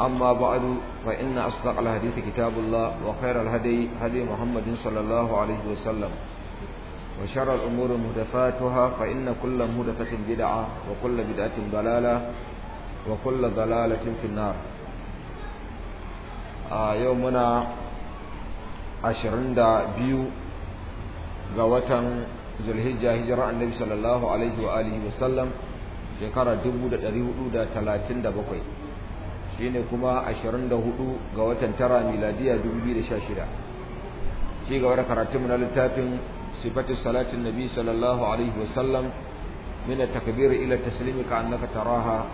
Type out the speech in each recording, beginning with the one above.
أما بعد فإن أصدق الحديث كتاب الله وخير الهدي هدي محمد صلى الله عليه وسلم وشر الأمور مهدفاتها فإن كل مهدفة بدعة وكل بدعة ضلالة وكل ضلالة في النار آه يومنا عشرين دا بيو غوة ذو الهجة هجرة النبي صلى الله عليه وآله وسلم shekara 1437 shine kuma 24 ga watan tara miladiya 2016 ci gaba da karatunmu na littafin sifatu salatin nabi sallallahu alaihi wasallam min at-takbir ila at-taslim ka annaka taraha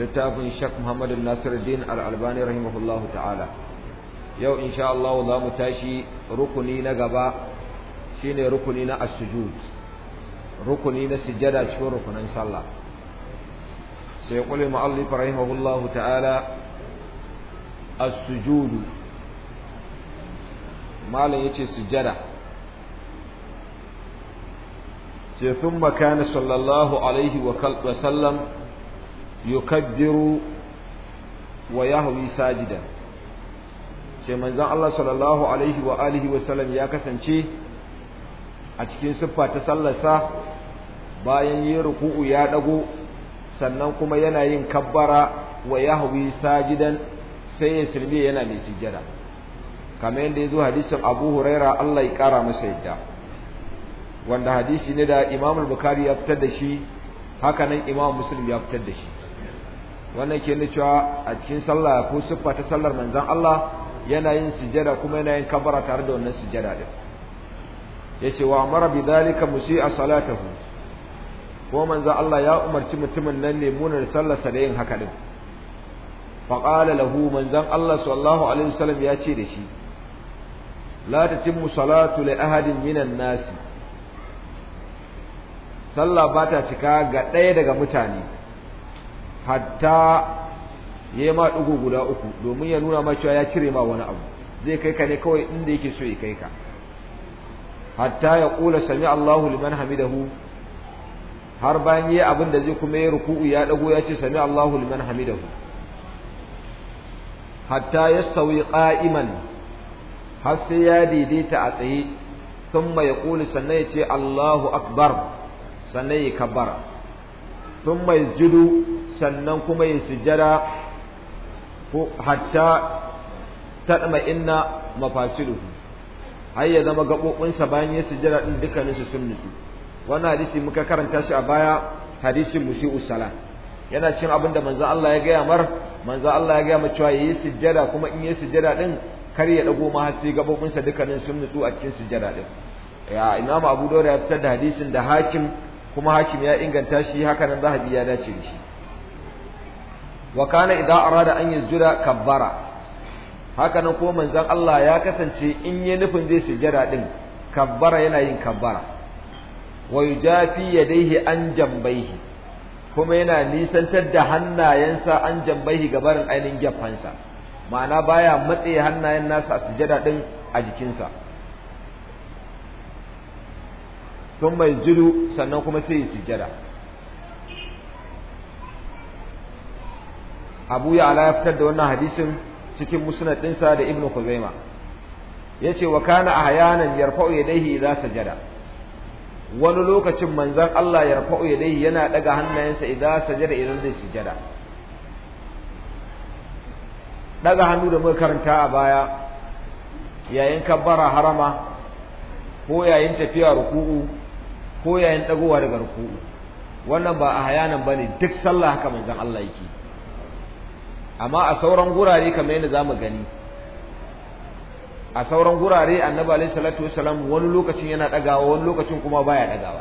littafin Sheikh Muhammad Nasiruddin Al-Albani rahimahullahu ta'ala yau insha Allah za mu tashi rukuni na gaba shine rukuni na as-sujud rukuni na sujada cikin rukunin sallah سيقول المؤلف رحمه الله تعالى السجود ما لا يتي سجدة ثم كان صلى الله عليه وسلم يكبر ويهوي ساجدا ce manzon Allah sallallahu alaihi wa sallam ya kasance a cikin siffa ta sallarsa bayan yi ruku'u ya dago sannan kuma yana yin kabbara wa yahwi sajidan sai ya silme yana mai sujjada kamar yadda ya zo hadisin Abu Huraira Allah ya kara masa yadda wanda hadisi ne da Imam Bukhari ya fitar da shi haka nan Imam Muslim ya fitar da shi wannan ke na cewa a cikin sallah ko siffa ta sallar manzon Allah yana yin sujjada kuma yana yin kabbara tare da wannan sujjada din yace wa amara bi dhalika musi'a salatahu ko manzo Allah ya umarci mutumin nan ne munar sallarsa da yin haka din fa qala lahu manzon Allah sallallahu alaihi wasallam ya ce da shi la tatimmu salatu li ahadin minan nas sallah ba ta cika ga ɗaya daga mutane hatta ya ma ɗugu guda uku domin ya nuna ma cewa ya cire ma wani abu zai kai ka ne kawai inda yake so ya kai ka hatta ya ƙula sami Allahu liman hamidahu har bayan yi abin da zai kuma ya ruku'u ya dago ya ce sami Allahu liman hamidahu hatta yastawi qa'iman har sai ya daidaita a tsaye thumma yaqulu sannan ya ce Allahu akbar sannan ya kabbara thumma jidu sannan kuma ya sujjada ko hatta tadma inna mafasiluhu har ya zama gaɓoɓinsa bayan ya sujjada din dukkanin su sun nutsu wannan hadisi muka karanta shi a baya hadisin musi'u sala yana cin abinda manzo Allah ya gaya mar manzo Allah ya gaya mu cewa yayi sujjada kuma in yayi sujjada din kar ya dago ma har sai sa dukkanin sun nutsu a cikin sujjada din ya Imam Abu Dawud ya fitar da hadisin da Hakim kuma Hakim ya inganta shi haka nan Zahabi ya dace da shi wa kana idza arada an yasjuda kabbara haka nan ko manzon Allah ya kasance in yayi nufin zai sujjada din kabbara yana yin kabbara wa yujafi yadayhi an jambaihi kuma yana nisantar da hannayensa an jambaihi ga barin ainin gefansa ma'ana baya matse hannayen nasa a sujada din a jikinsa tun mai jiru sannan kuma sai ya sujada abu ya ala ya fitar da wannan hadisin cikin musnadinsa ɗinsa da ibnu kuzaima yace wa kana ahyanan yarfa'u yadayhi idza sajada wani lokacin manzan Allah ya rafa'u yadayhi yana daga hannayensa idan sajada idan zai sujada daga hannu da muka karanta a baya yayin kabbara harama ko yayin tafiya ruku'u ko yayin dagowa daga ruku'u wannan ba a hayanan bane duk sallah haka manzan Allah yake amma a sauran gurare kamar yadda zamu gani a sauran gurare annabi alaihi salatu wasalam wani lokacin yana dagawa wani lokacin kuma baya dagawa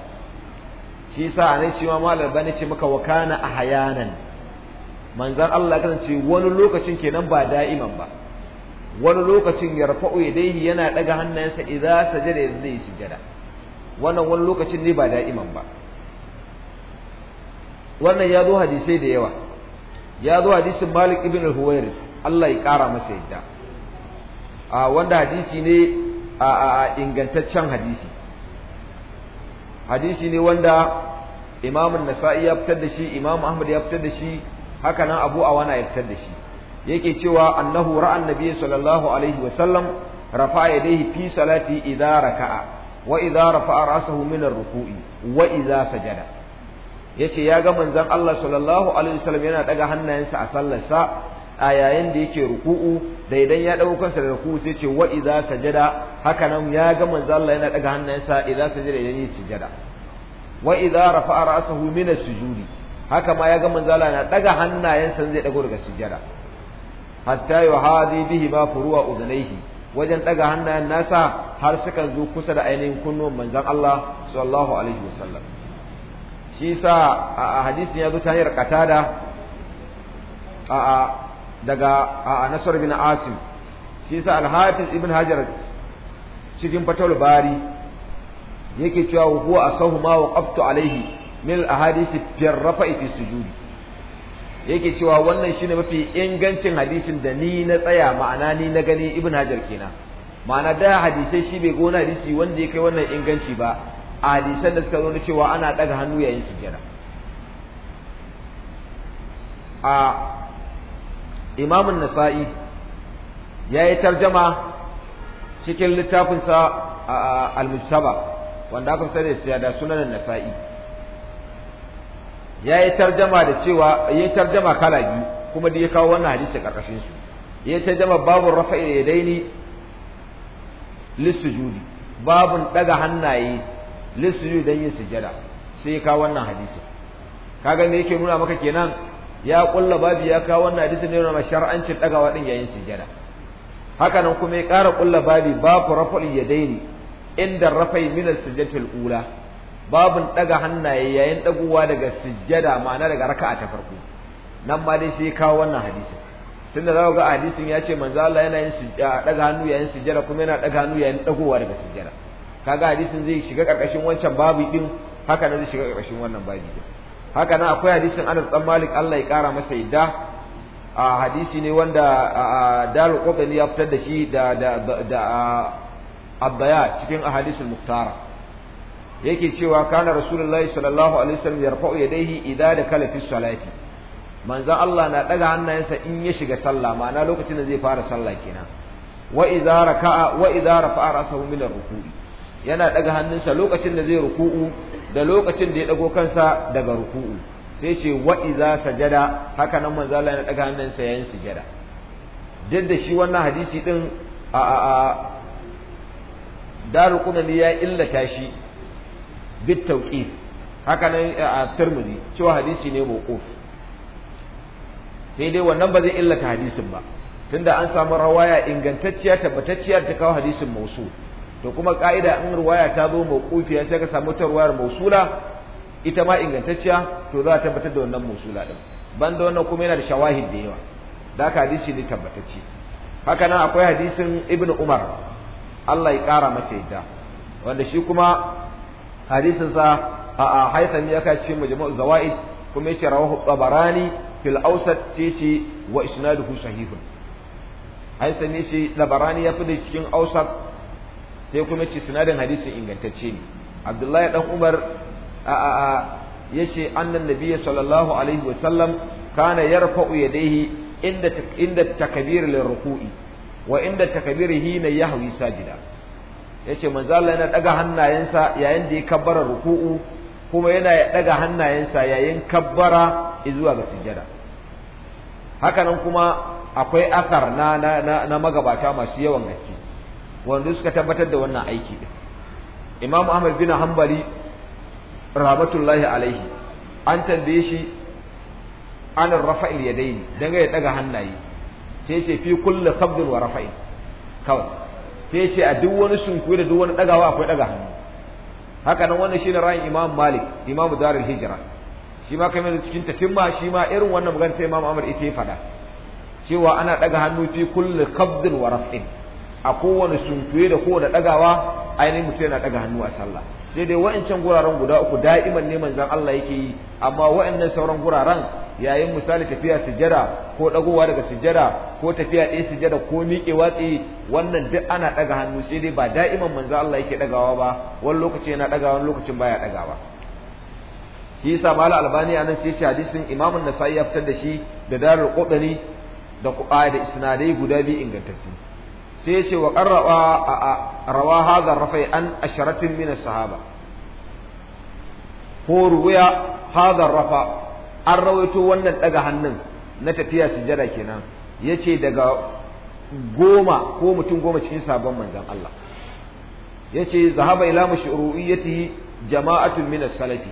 shi yasa anai ma malam bane ce maka wakana a hayanan manzon Allah kan ce wani lokacin kenan ba da'iman ba wani lokacin ya rafa yadayhi yana daga hannayensa idza sajada yanzu zai sujada wannan wani lokacin ne ba da'iman ba wannan ya zo hadisai da yawa ya zo hadisin Malik ibn al-Huwairis Allah ya kara masa yadda a wanda hadisi ne a ingantaccen hadisi hadisi ne wanda Imam Nasa'i ya fitar da shi Imam Ahmad ya fitar da shi haka nan Abu wana ya fitar da shi yake cewa annahu ra'a annabi sallallahu alaihi wa sallam rafa yadayhi fi salati idza raka'a wa idza rafa'a ra'sahu min ar-ruku'i wa idza sajada yace ya ga manzon Allah sallallahu alaihi wasallam yana daga hannayensa a sallarsa a yayin da yake ruku'u da idan ya dago kansa daga ku sai ce wa idza sajada haka nan ya ga manzo Allah yana daga hannayensa idza sajada idan ya sujada wa idza rafa'a ra'sahu min as-sujudi haka ma ya ga manzo Allah yana daga hannayensa zai dago daga sujada hatta yuhadi bihi ma furu'a udunaihi wajen daga hannayen nasa har suka zo kusa da ainihin kunnuwan manzon Allah sallallahu alaihi wasallam shi sa a hadisin ya zo ta hanyar qatada a daga a nasar bin asim shi yasa al ibn hajar cikin fatul bari yake cewa huwa asahu ma waqaftu alaihi min al-ahadith fi rafa'i sujud yake cewa wannan shine mafi ingancin hadisin da ni na tsaya ma'ana ni na gani ibn hajar kenan ma'ana da hadisai shi bai gona hadisi wanda ya kai wannan inganci ba a hadisan da suka zo na cewa ana daga hannu yayin sujjada a imamun nasa'i ya yi tarjama cikin littafinsa al-mujtaba wanda aka sani da da sunan nasa'i ya yi tarjama da cewa ya yi tarjama kala biyu kuma da ya kawo wannan hadisi karkashin su ya yi tarjama babun rafa'i yadaini lissujudi babun daga hannaye lissujudi don yin sujada sai ya kawo wannan hadisi ga me yake nuna maka kenan ya kulla babi ya kawo wannan hadisi ne na shar'ancin dagawa din yayin sujada haka nan kuma ya ƙara kulla babi babu rafa'i yadaini inda rafai min as-sujdatil ula babun daga hannaye yayin dagowa daga sujada ma'ana daga raka'a ta farko nan ma dai sai kawo wannan hadisin tunda za ga hadisin ya ce manzo Allah yana yin daga hannu yayin sujada kuma yana daga hannu yayin dagowa daga sujada kaga hadisin zai shiga karkashin wancan babu din haka nan zai shiga karkashin wannan babu din haka nan akwai hadisin Anas dan Malik Allah ya kara masa yadda a hadisi ne wanda Dalu Qutni ya fitar da shi da da da abdaya cikin ahadisul muktara yake cewa kana rasulullahi sallallahu alaihi wasallam yarfa'u yadayhi idza da kala fi salati manzon Allah na daga hannayensa in ya shiga sallah ma'ana lokacin da zai fara sallah kenan wa idza raka'a wa idza rafa'a ra'sahu min ruku'i yana daga hannunsa lokacin da zai ruku'u da lokacin da ya dago kansa daga ruku'u sai ce wa iza sajada haka nan manzo Allah ya daga sa yayin sujada duk da shi wannan hadisi din a a a daru kunani ya illata shi bit tawqif haka nan a Tirmidhi cewa hadisi ne mawquf sai dai wannan ba zai illata hadisin ba tunda an samu rawaya ingantacciya tabbatacciya ta kawo hadisin mausu to kuma ka'ida in ruwaya ta zo mawqufiya sai ka samu ta ruwayar ita ma ingantacciya to za a tabbatar da wannan mausula din da wannan kuma yana da shawahid da yawa da haka hadisi ne tabbatacce haka akwai hadisin ibnu umar Allah ya kara masa yadda wanda shi kuma hadisin sa a haithan ya kai cikin majmu'u zawaid kuma yace rawahu tabarani fil awsat tishi wa isnaduhu sahihun haithan yace tabarani ya fi da cikin awsat sai kuma ce sinadin hadisin ingantacce ne abdullahi dan umar a a a yace annan nabiyyi sallallahu alaihi wa sallam kana yarfa'u yadayhi inda inda takbir ruku'i wa inda ya hina sa gida. yace manzo Allah yana daga hannayensa yayin da ya kabbara ruku'u kuma yana daga hannayensa yayin kabbara zuwa ga sujjada hakanan kuma akwai asar na na magabata masu yawan gaske wanda suka tabbatar da wannan aiki din Imam Ahmad bin Hanbali rahmatullahi alaihi an tambaye shi an rafa'il yadaini dan ya daga hannaye sai ce fi kulli qabdin wa rafa'il kawai sai ce a duk wani sunkuyi da duk wani dagawa akwai daga hannu haka nan wannan shine ra'ayin Imam Malik Imam Darul Hijra shi ma kamar cikin tafimma shi ma irin wannan magana sai Imam Ahmad ita ya fada cewa ana daga hannu fi kulli qabdin wa rafa'il a kowane sunkuye da kowane ɗagawa, ainihin mutum yana ɗaga hannu a sallah sai dai wa'ancan guraren guda uku da'iman ne manzan Allah yake yi amma wa'annan sauran guraren yayin misali tafiya sujjada ko ɗagowa daga sujjada ko tafiya ɗaya sujjada ko miƙe watsi wannan duk ana ɗaga hannu sai dai ba da'iman manzan Allah yake ɗagawa ba wani lokaci yana ɗagawa, wani lokacin baya ɗagawa. shi yasa malam albani anan sai shi hadisin imamun nasai ya fitar da shi da darul qudani da da isnadai guda biyu ingantattu sai ya ce wa a rawa haza rafai an asharatin minas sahaba ko ruwaya haza rafa an rawaito wannan daga hannun na tafiya sujada kenan ce daga goma ko mutum goma cikin sabon manzan Allah Ya ce zahaba ila mashru'iyyati jama'atun minas salafi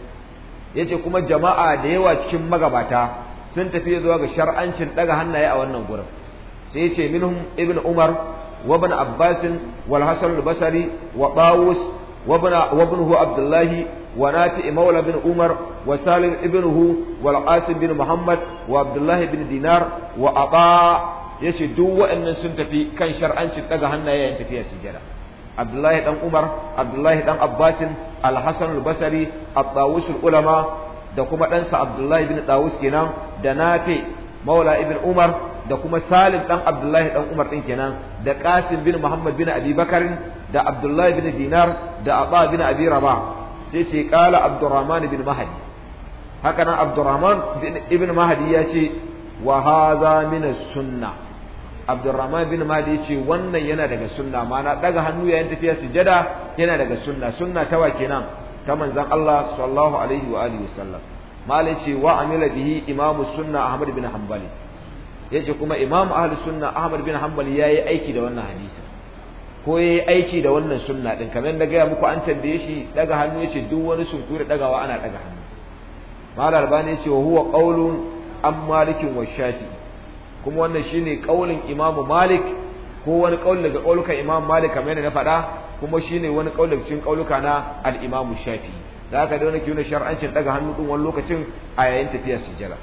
salafi ce kuma jama'a da yawa cikin magabata sun tafi zuwa ga shar'ancin ɗaga hannaye a wannan gurin sai yace minhum ibn umar وابن عباس والحسن البصري وطاووس وابن وابنه عبد الله ونافع مولى بن عمر وسالم ابنه والعاصم بن محمد وعبد الله بن دينار وأطاع yace duk waɗannan sun tafi kan shar'ancin daga hannaye yayin tafiya sujjada Abdullahi dan Umar Abdullahi ɗan Abbasin Al-Hasan al ulama da kuma ɗansa Abdullahi bin Tawus kenan da Nafi Maula ibn Umar da kuma Salim dan Abdullahi dan Umar din kenan da Qasim bin Muhammad bin Abi Bakar da Abdullahi bin Dinar da Aba bin Abi Rabah sai ce qala Abdurrahman bin Mahdi haka nan Abdurrahman ibn Mahdi ya ce wa hadha min sunna Abdurrahman bin Mahdi ya ce wannan yana daga sunna ma'ana daga hannu yayin tafiya sujada yana daga sunna sunna tawa kenan ta manzon Allah sallallahu alaihi wa alihi wasallam malai ce wa amila bihi imamu sunna Ahmad bin Hanbali yace kuma imamu ahli sunna ahmad bin ya yi aiki da wannan hadisi ko ya yi aiki da wannan sunna ɗin kamar yadda gaya muku an tambaye shi daga hannu yace duk wani sunkuri dagawa ana daga hannu malar ne yace wa huwa qaulun an malikin wa shafi kuma wannan shine ƙaunin imamu malik ko wani kauli daga kaulukan imamu malik kamar yadda na faɗa kuma shine wani kauli daga cikin na al-imamu shafi da haka dai wani kiyo na shar'ancin daga hannu din wani lokacin a yayin tafiyar sujjada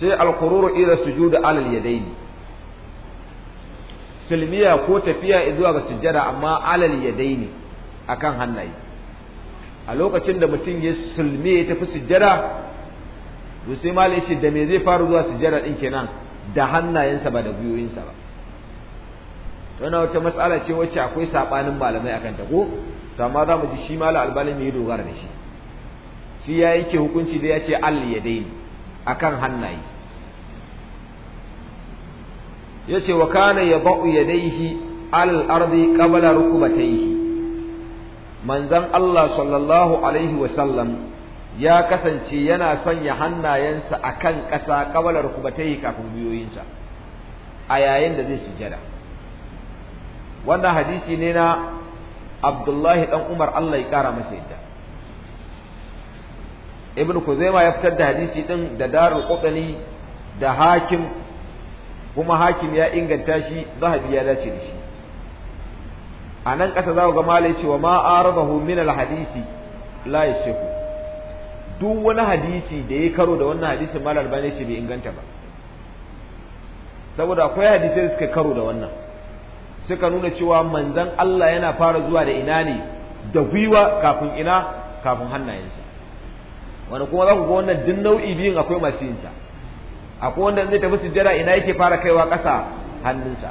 sai alkururu ila sujudu alal yadaini silmiya ko tafiya zuwa ga sujjada amma alal yadaini akan hannaye a lokacin da mutum ya sulme ya tafi sujjada to sai malai ce da me zai fara zuwa sujjada din kenan da hannayensa ba da gwiwoyinsa ba na wata matsala ce wacce akwai sabanin malamai akan ta ko to amma za mu ji shi malam albalin ne ya dogara da shi shi ya yake hukunci da ya ce al yadaini akan hannaye yace wa kana ba'u yadayhi al ardi qabla rukbatayhi Manzan Allah sallallahu alaihi wa sallam ya kasance yana sanya hannayensa akan ƙasa qabla rukbatayhi kafin biyoyinsa a yayin da zai sujada wannan hadisi ne na Abdullahi dan Umar Allah ya kara masa yadda ibn kuzaima ya fitar da hadisi din da darul qutni da hakim kuma hakim ya inganta shi zahabi ya dace da shi a nan ƙasa ga malai cewa ma arabahu min al hadisi la yashiku duk wani hadisi da ya karo da wannan hadisin mal albani ce bai inganta ba saboda akwai hadisai da suka karo da wannan suka nuna cewa manzon Allah yana fara zuwa da ina ne da gwiwa kafin ina kafin hannayensa wanda kuma za ku ga wannan duk nau'i biyun akwai masu yin sa akwai wanda zai tafi sujjada ina yake fara kaiwa ƙasa hannunsa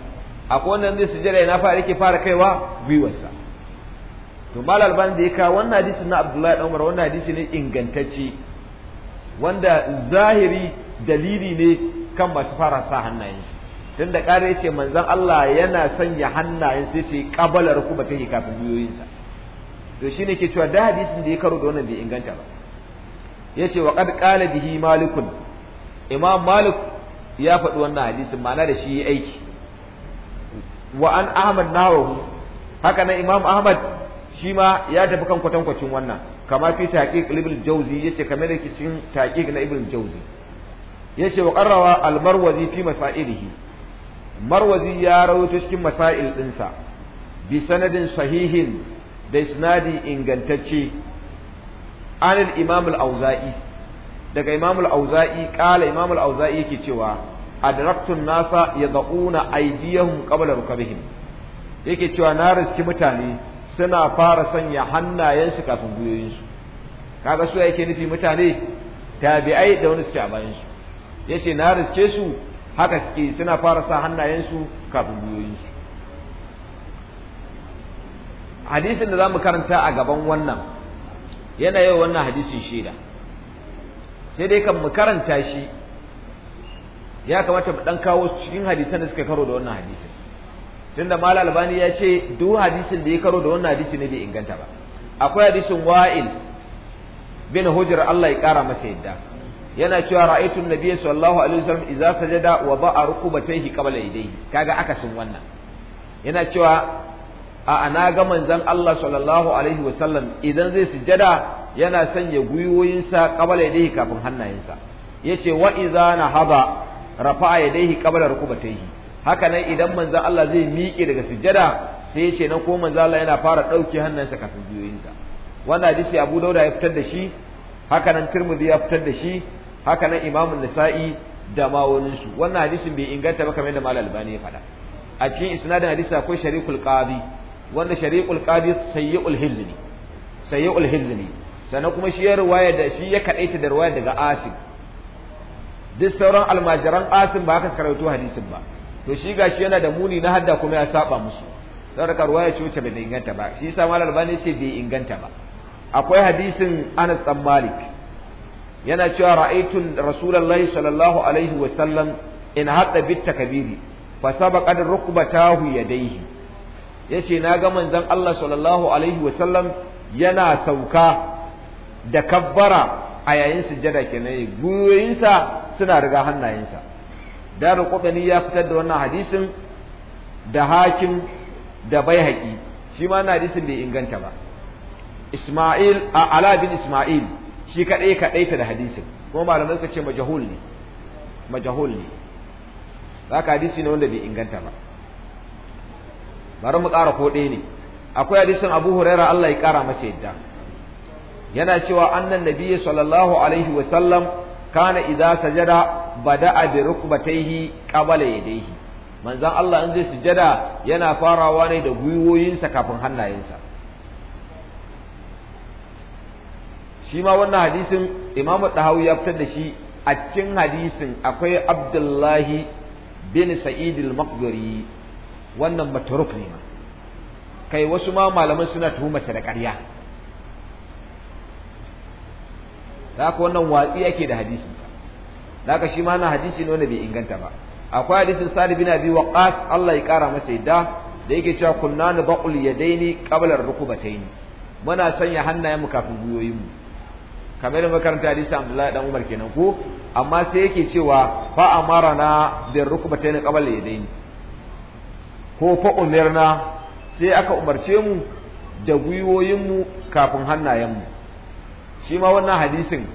akwai wanda zai sujjada ina fara yake fara kaiwa gwiwarsa to malal ban da ya kawo wannan hadisi na Abdullahi dan Umar wannan hadisi ne ingantacce wanda zahiri dalili ne kan masu fara sa hannayen shi tunda ƙara ce manzon Allah yana sanya hannayen sai ce ba ta ke kafin gwiwoyinsa to shine ke cewa da hadisin da ya karo da wannan bai inganta ba yace wa qad qala bihi malikun imam malik ya faɗi wannan hadisin ma'ana da shi aiki wa an ahmad nawahu haka nan imam ahmad shi ma ya tafi kan kwatankwacin wannan kama fi taqiq ibn jawzi yace kamar yake cikin taqiq na ibn jawzi yace wa qarrawa al marwazi fi masailihi marwazi ya rawaito cikin masail dinsa bi sanadin sahihin da isnadi ingantacce an al-imam al-auza'i daga imam al-auza'i qala imam al-auza'i yake cewa adraktu nasa yad'una aydiyahum qabla rukabihim yake cewa na riski mutane suna fara sanya hannayensu kafin gwiwoyinsu kaga su yake nufi mutane tabi'ai da wani suke a bayansu yace na riske su haka suke suna fara sa hannayensu kafin gwiwoyinsu hadisin da zamu karanta a gaban wannan yana yau wannan hadisin shida, sai dai kan mu karanta shi ya kamata mu dan kawo cikin hadisan da suka karo da wannan hadisin tunda mal albani ya ce duk hadisin da ya karo da wannan hadisin ne bai inganta ba akwai hadisin wa'il bin hujr Allah ya kara masa yadda yana cewa ra'aytu nabiy sallallahu alaihi wasallam idza sajada wa ba'a rukubatayhi qabla yadayhi kaga akasin wannan yana cewa a ana ga manzon Allah sallallahu alaihi wasallam idan zai sujada yana sanya gwiwoyinsa qabala yadayhi kafin hannayensa yace wa idza nahaba rafa'a yadayhi qabala rukubatayhi haka nan idan manzon Allah zai miƙe daga sujada sai yace na ko manzon Allah yana fara ɗauke hannansa kafin gwiwoyinsa wannan hadisi Abu Dawud ya fitar da shi haka nan Tirmidhi ya fitar da shi haka nan Imam Nasa'i da ma su wannan hadisin bai inganta ba kamar yadda Malam Albani ya faɗa a cikin isnadin hadisi akwai sharikul qadi wanda shari'ul qadi sayyi'ul hifz ne sayyi'ul hifz kuma shi ya riwaya da shi ya kadaita da ruwaya daga asim duk sauran almajiran asim ba haka karauto hadisin ba to shi gashi yana da muni na hadda kuma ya saba musu don ruwaya ce wacce bai inganta ba shi yasa malar albani ce bai inganta ba akwai hadisin Anas dan Malik yana cewa ra'aytu rasulullahi sallallahu alaihi wa sallam in hadda bit takbiri fa sabaqat rukbatahu yadayhi yace na ga manzon Allah sallallahu alaihi wasallam yana sauka da kabbara a yayin sujjada kenan gwiwoyinsa suna riga hannayensa da ruqutani ya fitar da wannan hadisin da hakim da bai baihaqi shi ma na hadisin bai inganta ba Isma'il a Ala bin Isma'il shi kadai ta da hadisin kuma malamai suka ce majahul ne majahul ne haka hadisi ne wanda bai inganta ba bari mu ƙara ko ɗaya ne akwai hadisin Abu Huraira Allah ya ƙara masa yadda yana cewa annan nabiyyi sallallahu alaihi wa sallam kana idza sajada bada'a bi rukbatayhi qabala yadayhi manzon Allah in zai sujada yana farawa ne da gwiwoyinsa kafin hannayensa shi ma wannan hadisin Imam Dahawi ya fitar da shi a cikin hadisin akwai Abdullahi bin Sa'id al-Maqduri wannan matruk ne ma kai wasu ma malaman suna tuhumar da ƙarya da haka wannan watsi ake da hadisi da ka shi ma na hadisi ne wanda bai inganta ba akwai hadisin sadi bin Abi waqas Allah ya kara masa yadda da yake cewa kunna na baqul yadaini qabla rukubataini muna sanya hannayen mu kafin guyoyin mu kamar makaranta hadisi Abdullahi dan Umar kenan ko amma sai yake cewa fa amarana bi rukubataini qabla yadaini ko fa umirna sai aka umarce mu da gwiwoyinmu kafin hannayenmu shi ma wannan hadisin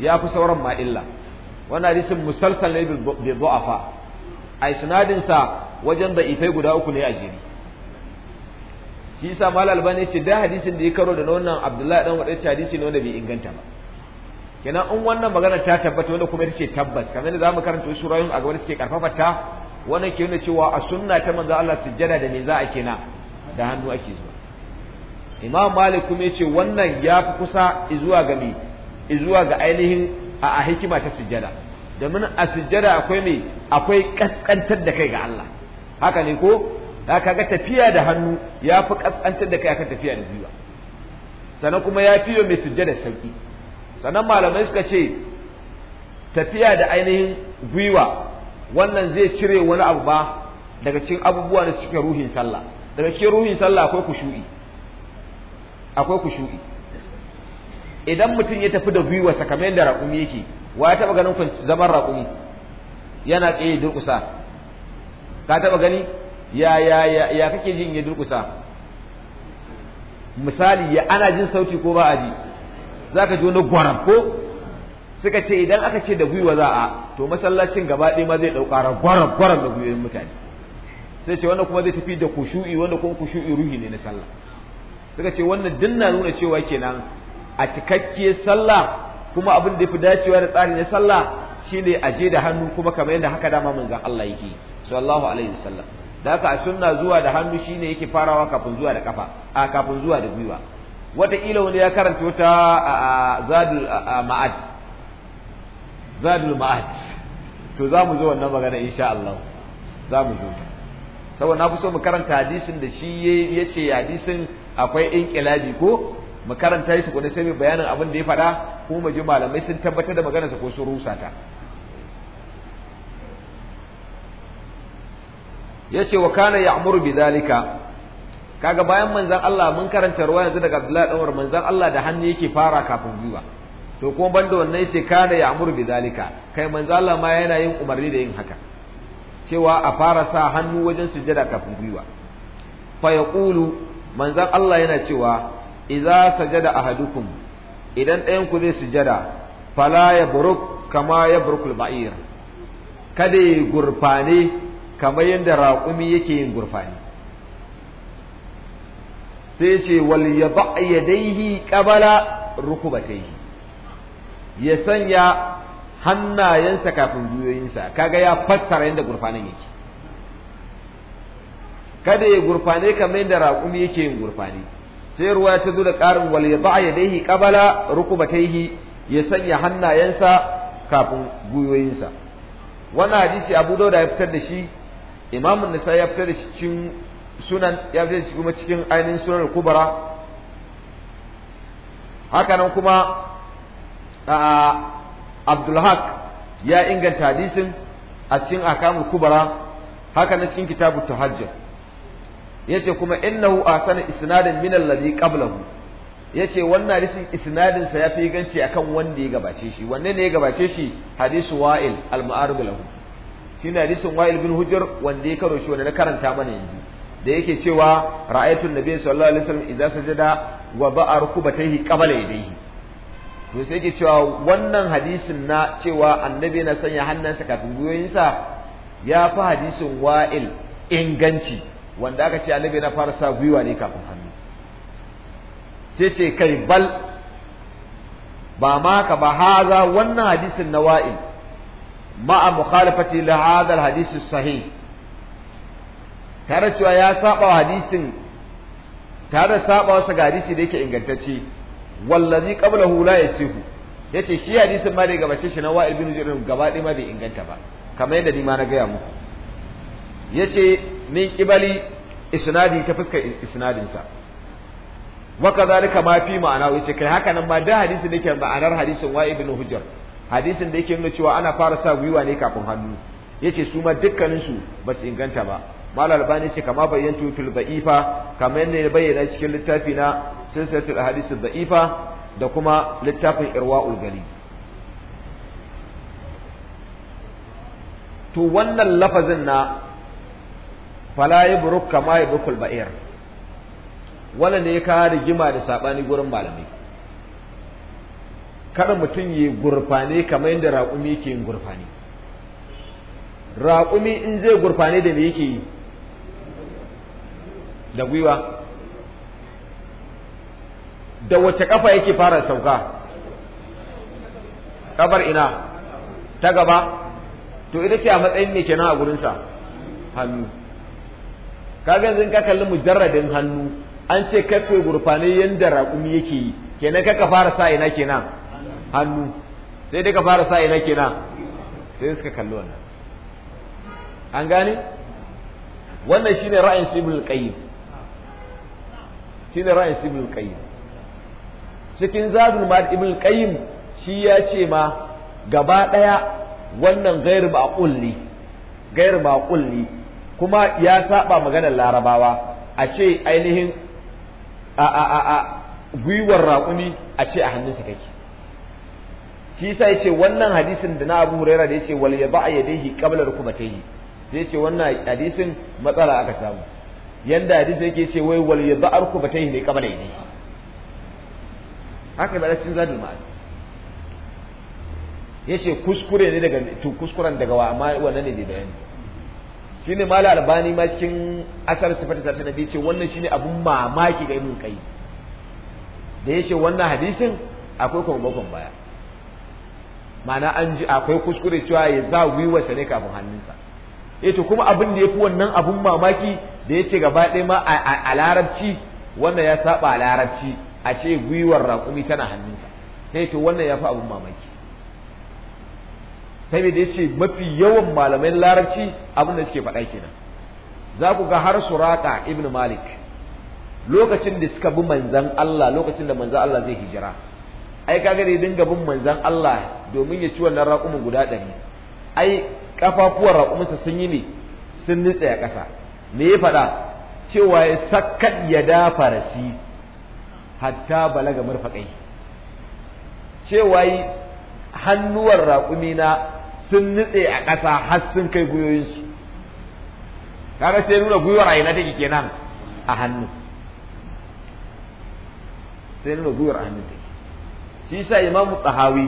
ya fi sauran ma illa wannan hadisin musalsal ne bi du'afa a isnadin wajen da ifai guda uku ne a jiri shi sa mal albani ce da hadisin da ya karo da wannan abdullahi dan wadai hadisi ne wanda bai inganta ba kenan in wannan magana ta tabbata wanda kuma ita ce tabbas kamar yadda zamu karanta wasu rayuwar a gaba suke karfafa ta wannan ke nuna cewa a sunna ta manzo Allah sujjada da me za a kina da hannu ake zuwa Imam Malik kuma yace wannan ya fi kusa zuwa ga me zuwa ga ainihin a hikima ta sujjada domin a sujjada akwai me akwai kaskantar da kai ga Allah haka ne ko da ga tafiya da hannu ya fi kaskantar da kai akan tafiya da gwiwa sannan kuma ya fiye mai sujjada sauki sannan malamai suka ce tafiya da ainihin gwiwa wannan zai cire wani abu ba daga cikin abubuwa da cikin ruhin sallah daga cikin ruhin sallah akwai kushu'i akwai kushu'i idan mutum ya tafi da gwiwa kamar da raƙumi yake wa ya taɓa ganin zaman raƙumi yana tsaye durƙusa ka taɓa gani ya ya ya kake jin ya durƙusa misali ya ana jin sauti ko ba a ji ka ji wani gwaram ko suka ce idan aka ce da gwiwa za a to masallacin gaba ɗaya ma zai ɗauka ragwarar gwarar da gwiwoyin mutane sai ce wannan kuma zai tafi da kushu'i wanda kuma kushu'i ruhi ne na sallah suka ce wannan duk na nuna cewa kenan a cikakkiyar sallah kuma abin da yafi dacewa da tsarin na sallah shine a je da hannu kuma kamar yadda haka dama manzon Allah yake sallallahu alaihi wasallam da haka a sunna zuwa da hannu shine yake farawa kafin zuwa da kafa a kafin zuwa da gwiwa wataƙila wani ya karanta wata zadul ma'ad zadul ma'ad to za mu zo wannan magana insha Allah za mu zo saboda na fi so mu karanta hadisin da shi ya ce hadisin akwai inkilabi ko mu karanta shi kuma sai mai bayanin abin da ya faɗa ko mu ji malamai sun tabbatar da maganarsa ko sun rusa ta yace wa kana ya'muru bidhalika kaga bayan manzon Allah mun karanta ruwa yanzu daga Abdullahi dan manzon Allah da hannu yake fara kafin gwiwa to kuma banda wannan yace kana ya amuru bizalika kai manzo Allah ma yana yin umarni da yin haka cewa a fara sa hannu wajen sujada kafin gwiwa fa yaqulu manzo Allah yana cewa idza sajada ahadukum idan ɗayan ku zai sujada fala yabruk kama yabrukul ba'ir kada ya gurfane kamar yadda raƙumi yake yin gurfani sai ce wal yada yadaihi qabala rukubatayhi ya sanya hannayensa kafin juyoyinsa kaga ya fassara yadda gurfanin yake kada ya gurfane kamar yadda raƙumi yake yin gurfane. sai ruwa ta zo da ƙarin wal ya ba'a yadaihi qabala rukubataihi ya sanya hannayensa kafin gwiwoyinsa wannan hadisi Abu Dawud ya fitar da shi Imam Nisa ya fitar da shi cikin sunan ya fitar da shi kuma cikin ainihin sunan Kubra haka nan kuma Abdulhaq ya inganta hadisin a cikin akamul kubara haka na cikin kitabu tahajjud yace kuma innahu asana isnadin min alladhi qablahu yace wannan hadisin isnadin sa yafi ganci akan wanda ya gabace shi wanne ne ya gabace shi hadisu wa'il al-ma'arib lahu shine hadisin wa'il bin hujr wanda ya karo shi wanda na karanta mana yanzu da yake cewa ra'aytu an-nabiy sallallahu alaihi wasallam idza sajada wa ba'a rukubatayhi qabla yadayhi to sai ke cewa wannan hadisin na cewa annabi na sanya hannunsa kafin gwiwoyinsa ya fi hadisin wa'il inganci wanda aka ce annabi na fara sa gwiwa ne kafin hannu sai ce kai bal ba ma ka ba haza wannan hadisin na wa'il ma'a mukhalafati la hadha al sahih tare cewa ya saba hadisin tare da saba wasu ga hadisi da yake ingantacce wallazi qablahu la yasihu yace shi hadisin ma daga bace shi na wa'il bin jirin gaba ɗaya ma bai inganta ba kamar yadda ni ma na gaya muku yace min kibali isnadi ta fuskar isnadin sa wa kadhalika ma fi ma'ana yace kai haka nan ma da hadisin da yake ma'anar hadisin wa'il bin hujjar hadisin da yake nuna cewa ana fara sa gwiwa ne kafin hannu yace su ma dukkanin ba su inganta ba malal albani ce kama bayyantu fil da'ifa kama yadda ya bayyana cikin littafi na silsilatul ahadith da'ifa da kuma littafin irwaul gali to wannan lafazin na fala yabruk kama yabrukul ba'ir wannan ne ya kawo rigima da sabani gurin malami. kada mutum ya gurfane kamar yadda raƙumi yake yin gurfane raƙumi in zai gurfane da me yake yi da gwiwa da wace kafa yake fara sauka kabar ina ta gaba to ita ce a matsayin me kenan a gurinsa hannu kaga yanzu ka kalli mujarradin hannu an ce kafe gurfanin yanda raƙumi yake yi kenan ka fara sa ina kenan hannu sai dai ka fara sa ina kenan sai suka kalli wannan an gane wannan shine ra'ayin sibul qayyim ne ra'ayin ibn qayyim cikin zadul ma ibn qayyim shi ya ce ma gaba daya wannan ghair ma'qul ne gairu kuma ya saba maganar larabawa a ce ainihin a a a a gwiwar raƙumi a ce a hannunsa kake shi sai ce wannan hadisin da na Abu Huraira da yace wal yada'a yadayhi qabla rukbatayhi sai yace wannan hadisin matsala aka samu yanda hadisi yake ce wai wal yadhar ku batayhi ne kamar yadi haka ba cikin zadul ma'ad yace kuskure ne daga to kuskuren daga wa amma wannan ne da bayani shine malal albani ma cikin asar sifatu sa nabi ce wannan shine abun mamaki ga ibn kai da yace wannan hadisin akwai kwambakon baya ma'ana an ji akwai kuskure cewa ya za gwiwarsa ne kafin hannunsa eh to kuma abin da yafi wannan abun mamaki da ya ce gaba ɗaya ma a larabci wannan ya saba a larabci a ce gwiwar raƙumi tana hannunsa sai to wannan ya fi abin mamaki sai da ce mafi yawan malamai larabci abin da suke faɗa kenan za ku ga har suraka ibn malik lokacin da suka bi manzan Allah lokacin da manzan Allah zai hijira ai kaga da dinga bin manzan Allah domin ya ci wannan raƙumin guda ɗari ai ƙafafuwar raƙuminsa sun yi ne sun nutsa ya ƙasa me ya faɗa cewa ya sakkat ya da farasi, hatta balaga murfaƙai cewa hannuwan raƙumi na sun nutse a ƙasa har sun kai gwiwoyinsu kaga sai nuna gwiwar a ina take kenan a hannu sai nuna gwiwar a hannun take shi sa imamu tsahawi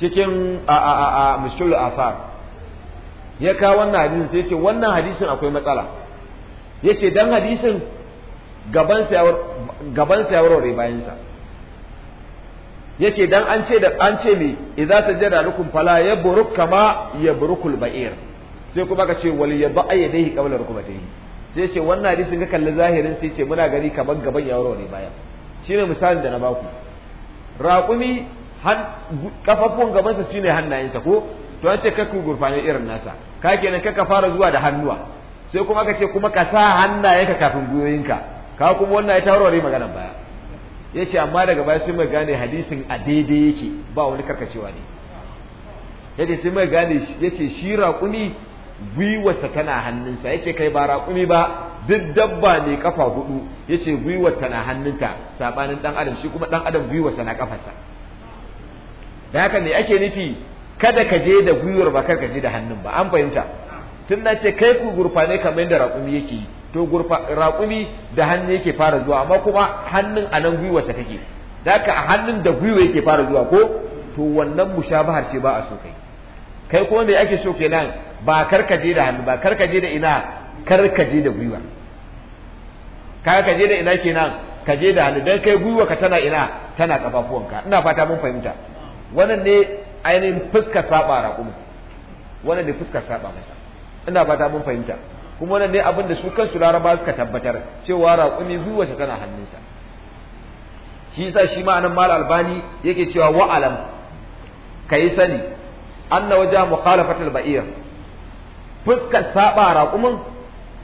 cikin a a a a ya kawo wannan hadisin sai ce wannan hadisin akwai matsala ya ce dan hadisin gabansa ya warware bayansa ya ce dan an ce da an ce me ta tajada rukun fala buruk kama ya burukul ba'ir sai kuma ka ce ya wal yaba yadayhi qabla rukubatayhi sai ce wannan hadisin ka kalli zahirin sai ce muna gari kaman gaban ya warware bayan shine misalin da na baku raƙumi kafafun gabansa shine hannayensa ko to an ce kakku gurfane irin nasa ka kenan kaka fara zuwa da hannuwa sai kuma aka ce kuma ka sa ka kafin guyoyinka ka kuma wannan ya tawarware magana baya ya ce amma daga baya sun mai gane hadisin a daidai yake ba wani karkacewa ne ya ce sun mai gane ya ce shi raƙumi gwiwarsa tana hannunsa ya ce kai ba raƙumi ba duk dabba ne kafa hudu ya ce gwiwar tana hannunta saɓanin ɗan adam shi kuma ɗan adam gwiwarsa na kafarsa da haka ne ake nufi kada ka je da gwiwar ba kar ka je da hannun ba an fahimta tun na ce kai ku gurfane kamar yadda raƙumi yake yi to raƙumi da hannu yake fara zuwa amma kuma hannun a nan gwiwarsa take da a hannun da gwiwa yake fara zuwa ko to wannan mushabahar ce ba a so kai kai kuma me ake so kenan ba kar ka je da hannu ba kar ka je da ina kar ka je da gwiwa ka je da ina kenan ka je da hannu dan kai gwiwa ka tana ina tana kafafuwanka ina fata mun fahimta wannan ne ainihin fuska saba raƙumi wannan ne fuska saba masa ina fata mun fahimta kuma wannan ne abin da su kansu laraba suka tabbatar cewa raƙumi zuwa tana hannunsa shi yasa shi ma anan mal albani yake cewa alam kai sani anna waja muqalafatul ba'ir fuska saba raƙumin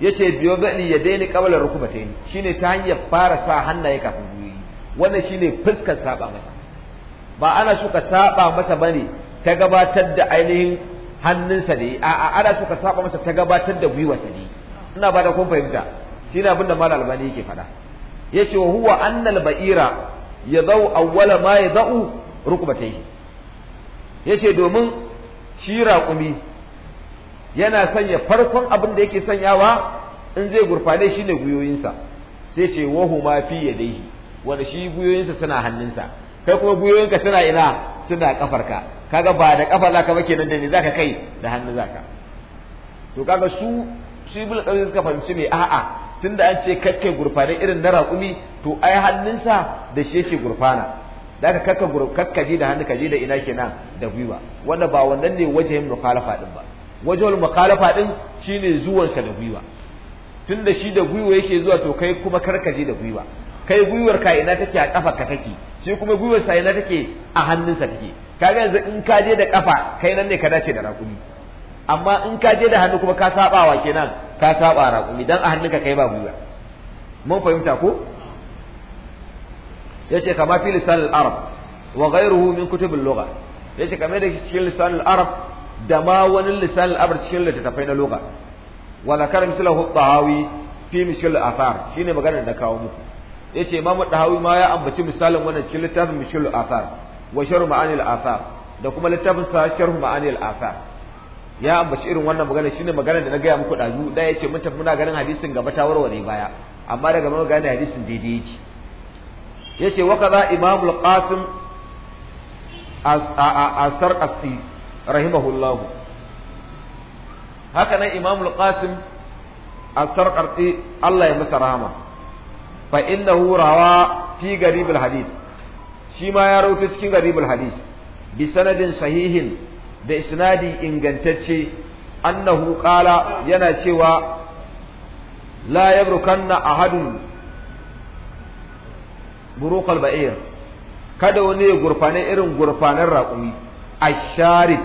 yace biyo gani ya daina kabalar rukubataini shine ta hanyar fara sa hannaye kafin gwiwi wannan shine fuskar saba masa ba ana suka saba masa bane ta gabatar da ainihin hannunsa ne a'a ana suka saba masa ta gabatar da gwiwarsa ne ina ba da kun fahimta shi ne abinda mal albani yake faɗa yace wa huwa annal ba'ira zau awwala ma ya yadau Ya yace domin shi raƙumi yana sanya farkon abin da yake sanyawa in zai gurfane shi ne guyoyinsa sai ce wahu ma fi yadaihi wanda shi guyoyinsa suna hannunsa kai kuma gwiwoyinka suna ina suna kafarka kaga ba da kafa zaka ba kenan da ne zaka kai da hannu zaka to kaga su su bula qayyim suka fahimci me a'a tunda an ce kakkai gurfana irin na raƙumi to ai hannunsa da shi yake gurfana da ka kakka ji da hannu ka da ina kenan da gwiwa wanda ba wannan ne wajen mukhalafa din ba wajen mukhalafa din shine zuwansa da gwiwa tunda shi da gwiwa yake zuwa to kai kuma karkaji je da gwiwa kai gwiwar ka ina take a kafa ka take shi kuma gwiwar sa ina take a hannunsa take kaga yanzu in ka je da kafa kai nan ne ka dace da raƙumi amma in ka je da hannu kuma ka saba wa kenan ka saba raƙumi dan a hannunka kai ba gwiwa mun fahimta ko yace kama fi lisan al-arab wa ghayruhu min kutub al-lugha yace kama da cikin lisan al-arab da ma wani lisan al-arab cikin littattafai na lugha wala karim sulahu tahawi fi mishkil al-athar shine maganar da kawo muku yace imamu dahawi ma ya ambaci misalin wannan cikin littafin mishkil al wa sharu ma'ani al da kuma littafin sa sharu ma'ani al-athar ya ambaci irin wannan magana shine magana da na gaya muku dazu da yace mun tafi muna ganin hadisin gaba ta warware baya amma daga mun gane hadisin daidai yake yace wa kaza imamu al-qasim asar asti rahimahullahu haka nan imamu al-qasim asar qarti Allah ya masa rahama fa innahu rawa fi garibul alhadith shi ma ya rawaito cikin garibul alhadith bi sanadin sahihin da isnadi ingantacce annahu qala yana cewa la yabrukanna ahadun buruq alba'ir kada wani ya gurfane irin gurfanan raƙumi asharib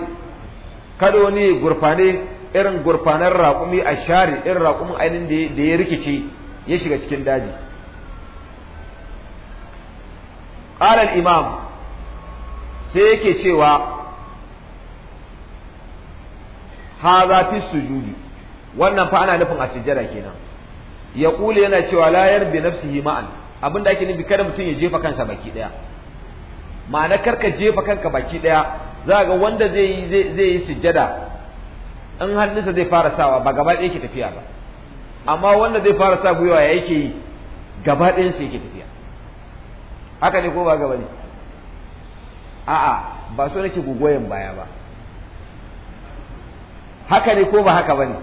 kada wani ya gurfane irin gurfanar raƙumi asharib irin raƙumin ainin da ya rikice ya shiga cikin daji qala imam sai yake cewa hadha fi sujudi wannan fa ana nufin a sujjada kenan ya kula yana cewa la nafsi nafsihi ma'an abinda ake nufi kada mutum ya jefa kansa baki daya ma'ana karka jefa kanka baki daya za ga wanda zai yi zai yi sujjada in hannunsa zai fara sawa ba gaba ɗaya yake tafiya ba amma wanda zai fara sa gwiwa ya yake yi gaba ɗayan sa yake tafiya haka ne ko ba gaba ne a'a ba so nake gogoyen baya ba haka ne ko ba haka ba ne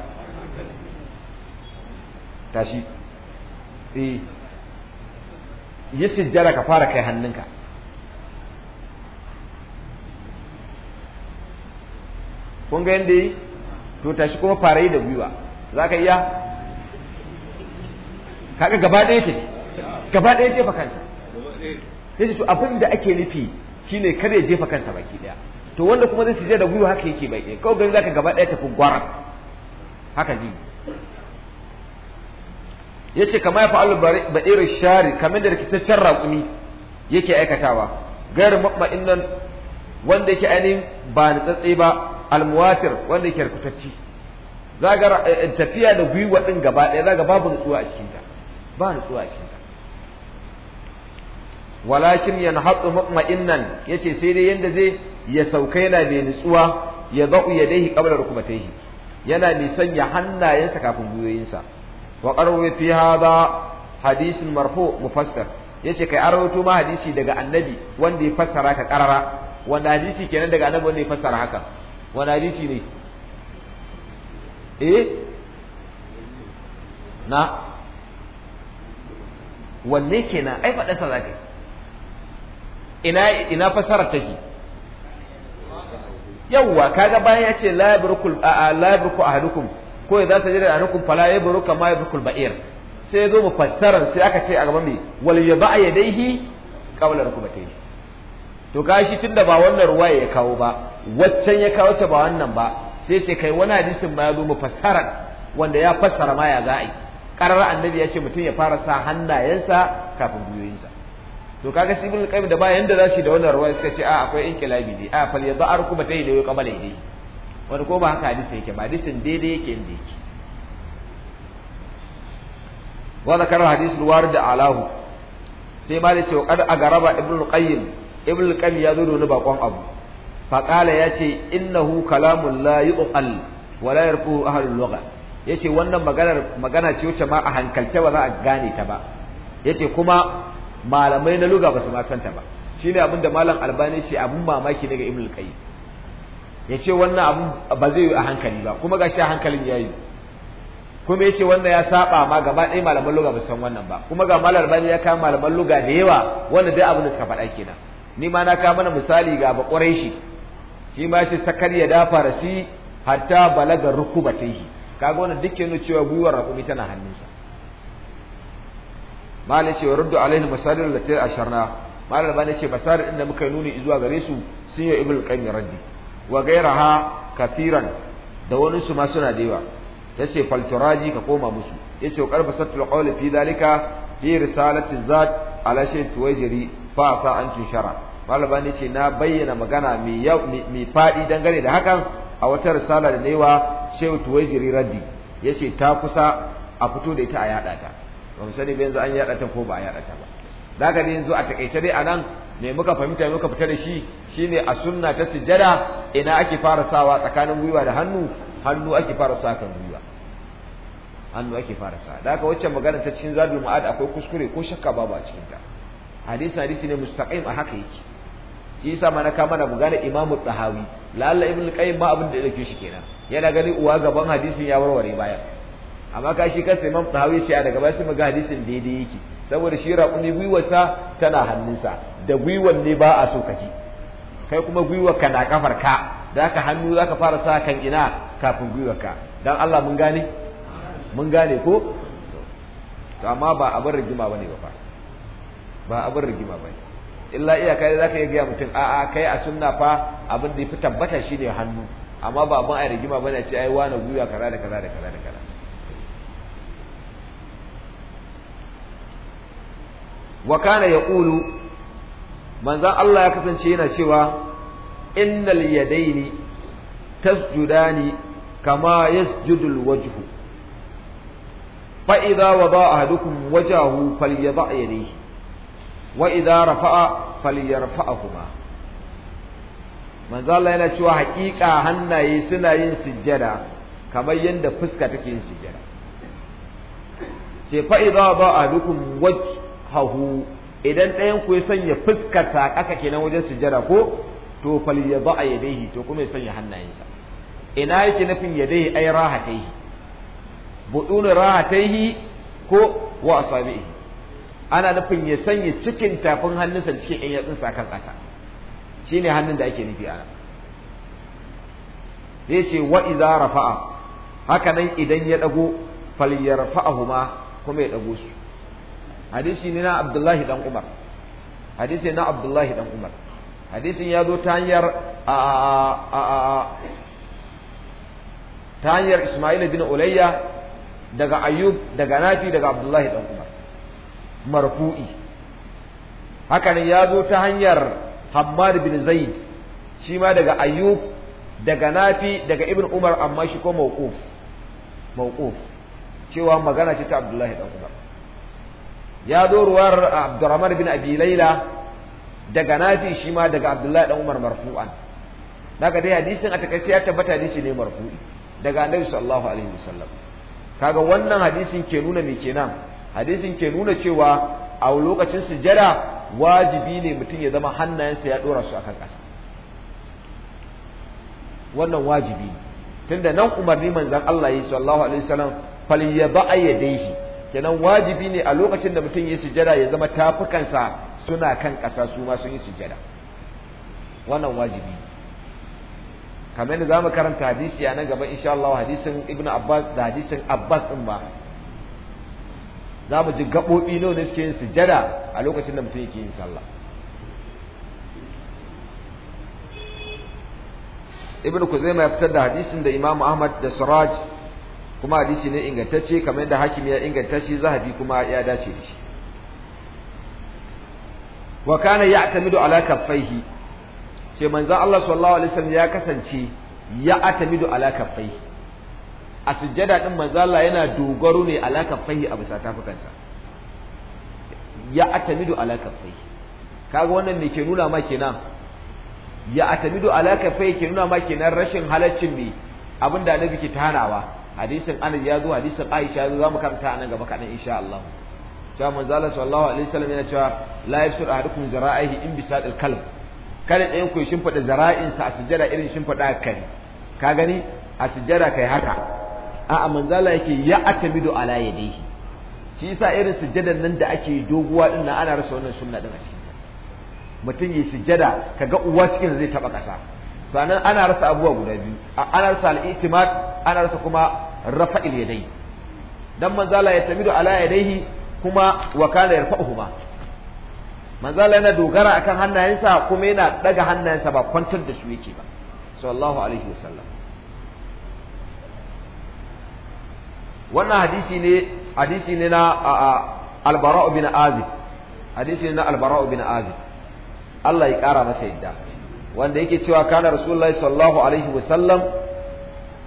tashi eh yi sujjara ka fara kai hannunka kun ga yadda yi to tashi kuma fara yi da gwiwa za ka iya kaga gaba ɗaya ce gaba ɗaya ce fa kanta sai su abin da ake nufi shine kada ya jefa kansa baki daya to wanda kuma zai da gwiwa haka yake bai ɗaya kawai gani zaka gaba ɗaya tafi gwara haka ji yace kama ya fa'alu ba'ir shari kamar da rikitaccen raƙumi yake aikatawa gairu maɓa'innan wanda yake ainihin ba tsatsai ba almuwafir wanda yake rikitacci zaga eh, tafiya da gwiwa ɗin gaba ɗaya, zaga babu nutsuwa a cikinta ba nutsuwa a cikinta walakin ma'innan ya ce sai dai yadda zai ya sauka yana mai nutsuwa ya za'u ya yadaihi qabla rukubatayhi yana mai sanya hannayensa kafin gwiwoyinsa wa qarwa fi hadha hadisin marfu mufassar ce kai arawato ma hadisi daga annabi wanda ya fassara ka ƙarara, wanda hadisi kenan daga annabi wanda ya fassara haka wanda hadisi ne eh na wanne kenan ai faɗa sa za zaka ina ina fasarar take yawwa kaga bayan ya ce la yabrukul la yabruku ahadukum ko idza sajada ahadukum fala yabruka ma yabrukul ba'ir sai zo mu sai aka ce a gaban mai wal yaba yadaihi qawla rukubatayhi to gashi tunda ba wannan ruwaya ya kawo ba waccan ya kawo ta ba wannan ba sai ce kai wani hadisin ma yazo mu wanda ya fassara ma ya za'i qarar annabi ya ce mutum ya fara sa hannayensa kafin biyoyinsa. to kaga sai ibn qayyim da ba yanda za shi da wannan ruwaya suka ce a akwai inkilabi ne a fal arku ba tayi da yau dai wani ko ba haka hadisi yake ba hadisin daidai yake inda yake wa zakara hadisi al-warid alahu sai ma da cewa kad agaraba ibn qayyim ibn qayyim ya zo da wani bakon abu fa qala yace innahu kalamul la yuqal wa la yarku ahlul lugha yace wannan magana magana ce wacce ma a hankalce ba za a gane ta ba yace kuma malamai na luga ba su ma santa ba shine abin da malam albani ce abin mamaki daga ibn al-qayyim ya ce wannan abin ba zai yi a hankali ba kuma gashi a hankalin ya yi kuma ya ce wannan ya saba ma gaba ɗaya malaman luga ba san wannan ba kuma ga malam albani ya kama malaman luga da yawa wanda dai abin da suka faɗa kenan ni ma na kawo mana misali ga bakwarai shi shi ma shi sakar ya dafa rasi hatta balaga rukubataihi kaga wannan dukkan cewa gwiwar rakumi tana hannunsa malai ce wa ruddu alaihi masadir latil asharna malai ba ne ce masadir inda muka nuni zuwa gare su sun yi ibnu qayyim raddi wa gairaha kathiran da wani su ma suna da yawa yace falturaji ka koma musu yace qarba satul qawl fi dalika fi risalati zat ala shay tuwajiri fa sa shara tushara malaba ne ce na bayyana magana mai mai fadi dangane da hakan a wata risala da naiwa shehu tuwajiri raddi yace ta kusa a fito da ita a yada ta ba mu sani ba yanzu an yaɗa ta ko ba a yaɗa ta ba da haka ne yanzu a takaice dai a nan me muka fahimta muka fita da shi shine a sunna ta sujada ina ake fara sawa tsakanin gwiwa da hannu hannu ake fara sa kan gwiwa hannu ake fara sa da haka wacce magana ta cikin zabi ma'ad akwai kuskure ko shakka babu a cikin ta hadisi hadisi ne mustaqim a haka yake shi yasa ma na kama na magana imamu tahawi lalla ibnu qayyim ma abin da yake shi kenan yana gani uwa gaban hadisin ya warware bayan amma ka shi kansa imam tahawi shi a daga baya sai mu ga hadisin daidai yake saboda shi raƙuni gwiwarsa tana hannunsa da gwiwar ne ba a so ka ji kai kuma gwiwar ka na kafar ka da ka hannu za ka fara sa kan ina kafin gwiwar ka dan Allah mun gane mun gane ko to amma ba abin rigima bane ba ba abin rigima bane illa iyaka ka yi gaya mutum a'a kai a sunna fa abin da ya fi tabbata ne hannu amma ba abin yi rigima bane a ce ai wani gwiwa kaza da kaza da kaza da kaza wa kana yaqulu manzon Allah ya kasance yana cewa innal yadaini tasjudani kama yasjudul wajhu fa idza wada ahadukum wajahu falyada yadayhi wa idza rafa'a falyarfa'huma manzo Allah yana cewa hakika hannaye suna yin sujjada kamar yadda fuska take yin sujjada ce fa idza wada ahadukum wajhu fahu idan ɗayan ku ya sanya fuskarsa ƙasa kenan wajen sujjada ko to fal yadha yadaihi to kuma ya sanya hannayensa ina yake nufin yadaihi ay rahatayhi budun rahatayhi ko wa asabihi ana nufin ya sanya cikin tafin hannunsa cikin ɗan yatsunsa kan ƙasa shine hannun da ake nufi ana sai ce wa idza rafa'a haka nan idan ya dago falyarfa'ahuma kuma ya dago su hadisi ne na abdullahi dan umar hadisi na abdullahi dan umar hadisin ya zo ta hanyar ta hanyar ismail bin ulayya daga ayyub daga nafi daga abdullahi dan umar marfu'i hakan ya zo ta hanyar hammad bin zaid shi ma daga ayyub daga nafi daga ibn umar amma shi ko mawquf mawquf cewa magana ce ta abdullahi dan umar ya zo ruwar Abdurrahman bin Abi Laila daga Nafi shi ma daga Abdullahi dan Umar marfu'an daga dai hadisin a takaice ya tabbata hadisi ne marfu'i daga Annabi sallallahu alaihi wasallam kaga wannan hadisin ke nuna me kenan hadisin ke nuna cewa a lokacin sujada wajibi ne mutum ya zama hannayensa ya dora su akan ƙasa wannan wajibi tunda nan umarni manzon Allah ya sallallahu alaihi wasallam fal yada'a yadayhi kenan wajibi ne a lokacin da mutum ya sujada ya zama tafukansa suna kan ƙasa su ma sun yi sujada wannan wajibi kamar yadda zamu karanta hadisi a nan gaba insha Allah hadisin Ibn Abbas da hadisin Abbas din ba Za mu ji gaɓoɓi nawa ne suke yin sujada a lokacin da mutum yake yin sallah Ibn Kuzaima ya fitar da hadisin da Imam Ahmad da Siraj kuma hadisi ne ingantacce kamar yadda hakimi ya inganta shi zahabi kuma ya dace da shi wa kana ya'tamidu ala kaffaihi ce manzo Allah sallallahu alaihi wasallam ya kasance ya atamidu ala kaffaihi a sujjada din manzo Allah yana dogaro ne ala kaffaihi a bisa tafukansa ya atamidu ala kaffaihi kaga wannan ne ke nuna ma kenan ya atamidu ala kaffaihi ke nuna ma kenan rashin halaccin ne abinda annabi ke tanawa hadisin Anas ya zo hadisin Aisha zo zamu karanta nan gaba kadan insha Allah cewa manzo Allah sallallahu alaihi wasallam yana cewa la yasur ahadukum zara'ihi in bisad al-kalb kada ɗayan ku fada zara'in sa a sujjada irin fada kai ka gani a sujjada kai haka a'a manzo Allah yake ya atamidu ala yadihi shi yasa irin sujjadan nan da ake doguwa din nan ana rasa wannan sunna din a cikin mutum yi sujjada kaga uwa cikin zai taba kasa sannan ana rasa abubuwa guda biyu ana rasa al-i'timad ana rasa kuma rafa'il yadai dan manzala ya tamidu ala yadaihi kuma wa kana yarfa'uhuma manzala yana dogara akan hannayensa kuma yana daga hannayensa ba kwantar da su yake ba sallallahu alaihi wasallam wannan hadisi ne hadisi ne na al-bara'u bin azib hadisi ne na al-bara'u bin azib Allah ya kara masa yadda wanda yake cewa kana rasulullahi sallallahu alaihi wasallam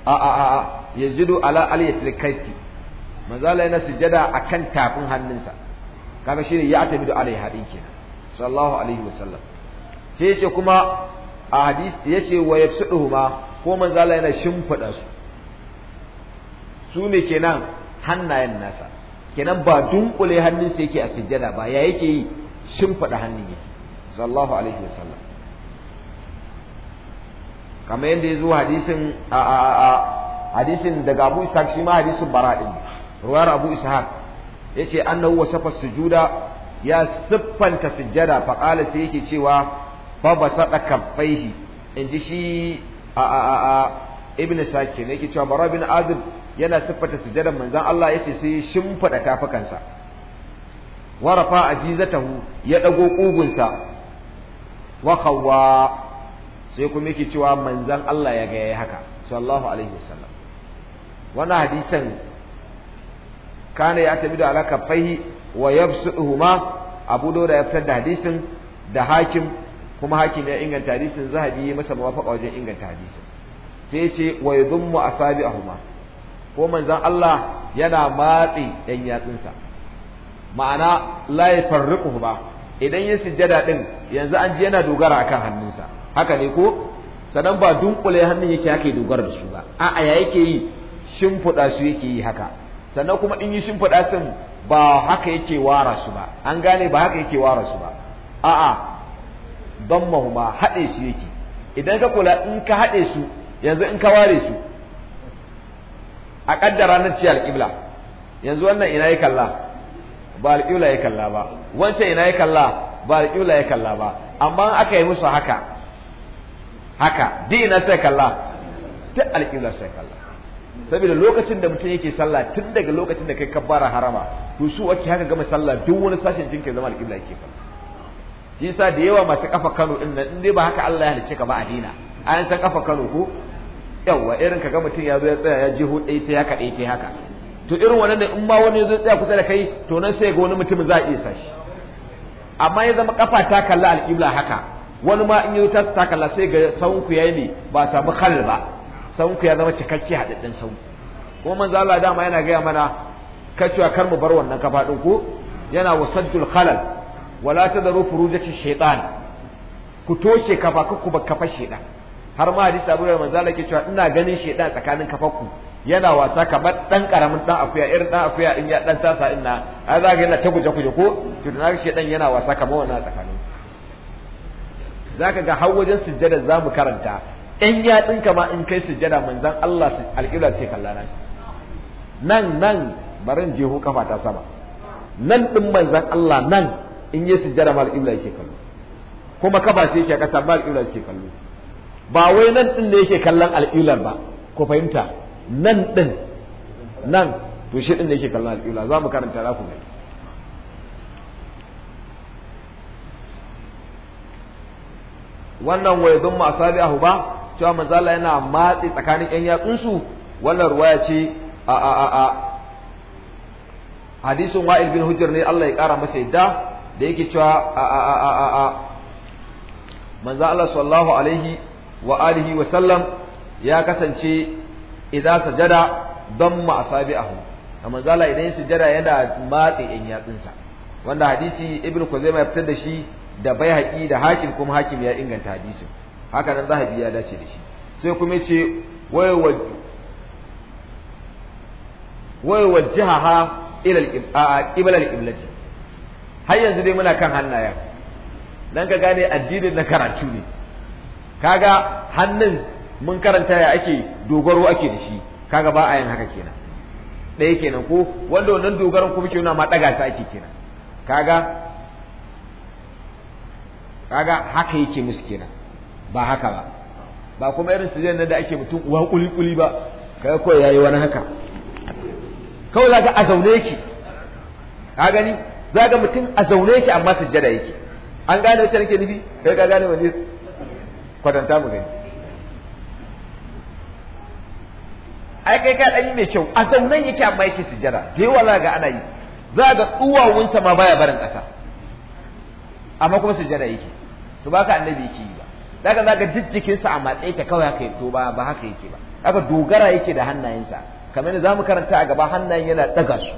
a a a yajidu ala aliyatil kaifi manzo Allah yana sujada akan tafin hannunsa kaga shine ya tabidu alaihi hadin kenan sallallahu alaihi wasallam sai yace kuma a hadisi yace wa yafsuduhuma ko manzo Allah yana shimfida su su ne kenan hannayen nasa kenan ba dunkule hannunsa yake a sujada ba ya yake yi shimfida hannun yake sallallahu alaihi wasallam kamar yadda ya zo hadisin a a a hadisin daga Abu Ishaq shi ma hadisin Bara din ruwar Abu Ishaq yace safar su sujuda ya siffanta sujjada fa kala sai yake cewa fa basada kaffaihi inji shi a a a ibn Saki ne yake cewa Bara bin Azib yana siffanta sujjadar manzon Allah ya ce sai ya shimfida tafukansa warafa ajizatahu ya ɗago kugunsa wa khawwa sai kuma yake cewa manzan Allah ya ga yayi haka sallallahu alaihi wasallam wannan hadisan kana ya tabi da alaka fahi wa yabsuhuma abu dauda ya fitar da hadisin da hakim kuma hakim ya inganta hadisin zahabi ya masa muwafaqa wajen inganta hadisin sai ya ce wa yadummu asabi'ahuma ko manzan Allah yana matsi dan yatsunsa. ma'ana la yafarriquhu ba idan ya sujjada din yanzu an ji yana dogara akan hannunsa haka ne ko sannan ba dunkule hannun yake yake dogara da su ba a'a ya yake yi shimfiɗa su yake yi haka sannan kuma in yi shimfiɗa sun ba haka yake wara su ba an gane ba haka yake wara su ba a'a don mahuma haɗe su yake idan ka kula in ka haɗe su yanzu in ka ware su a ƙaddara na ciyar alƙibla yanzu wannan ina ya kalla ba alƙibla ya kalla ba wancan ina ya kalla ba alƙibla ya kalla ba amma aka yi musu haka haka duk na sai kalla duk alƙibla sai kalla saboda lokacin da mutum yake sallah tun daga lokacin da kai kabbara harama to su ake haka gama sallah duk wani sashen jinka zama alƙibla yake kalla shi yasa da yawa masu kafa Kano din nan in dai ba haka Allah ya halicce ka ba a dina an san kafa Kano ko yawa irin kaga mutum ya zo ya tsaya ya ji hu dai sai haka ɗaya sai haka to irin wannan da in ma wani ya zo tsaya kusa da kai to nan sai ga wani mutum za a iya sashi amma ya zama kafa ta kalla alƙibla haka wani ma in yi ta takalla sai ga ya yayi ne ba a samu khal ba sauku ya zama cikakke haɗaɗɗen sauku kuma manzo Allah dama yana gaya mana kacewa kar mu bar wannan kafa ɗin ko yana wasaddul khalal wala tadaru furujati shaytan ku toshe kafa ku ba kafa shaytan har ma hadisi Abu Hurairah manzo Allah ke cewa ina ganin shaytan tsakanin ku yana wasa kamar dan karamin dan akuya irin dan akuya in ya dan tasa inna ai za ga yana ta guje guje ko to dan shaytan yana wasa kamar wannan tsakanin zaka ga har wajen sujjada za mu karanta ɗan yatsun kama in kai sujjada manzan Allah alƙibla ce kalla na shi nan nan barin jehu kafa ta sama nan ɗin manzan Allah nan in yi sujjada ma alƙibla yake kallo kuma kafa ce yake kasa ma alƙibla yake kallo ba wai nan ɗin ne yake kallon alƙiblar ba ku fahimta nan ɗin nan to shi ɗin ne yake kallon alƙibla za mu karanta za ku gani wannan waya don masu ahu ba cewa Manzala yana matsi tsakanin yan yatsunsu wannan ruwaya ce a a a a hadisin wa'il bin hujjar ne Allah ya kara masa yadda da yake cewa a a a a a manzo Allah sallallahu alaihi wa alihi wa sallam ya kasance idza sajada damma asabi'ahu amma zala idan sujada yana matsi in yatsunsa. wanda hadisi ibnu kuzaima ya fitar da shi da baihaqi da hakim kuma hakim ya inganta hadisin haka nan zahabi ya dace da shi sai kuma ce wai wajjaha ila al-qibla al-qiblati har yanzu dai muna kan hannayen dan ka gane addinin na karatu ne kaga hannun mun karanta ya ake dogaro ake da shi kaga ba a yin haka kenan ɗaya kenan ko wanda wannan dogaron kuma ke nuna ma ɗaga ta ake kenan kaga kaga haka yake musu kenan ba haka ba ba kuma irin su zai da ake mutum uwa kulikuli ba kai ko yayi wani haka kawai zaka a zaune yake ka gani zaka mutum a zaune yake amma sujjada yake an gane wacce nake nufi kai ka gane wani kwatanta mu gani ai kai ka dani mai kyau a zaunan yake amma yake sujjada da yawa za ga ana yi za ga duwawunsa ma baya barin ƙasa amma kuma sujjada yake to ba annabi yake yi ba zaka zaka jijjikin sa a matsayi ta kawai haka to ba ba haka yake ba haka dogara yake da hannayensa kamar yadda zamu karanta a gaba hannayen yana daga su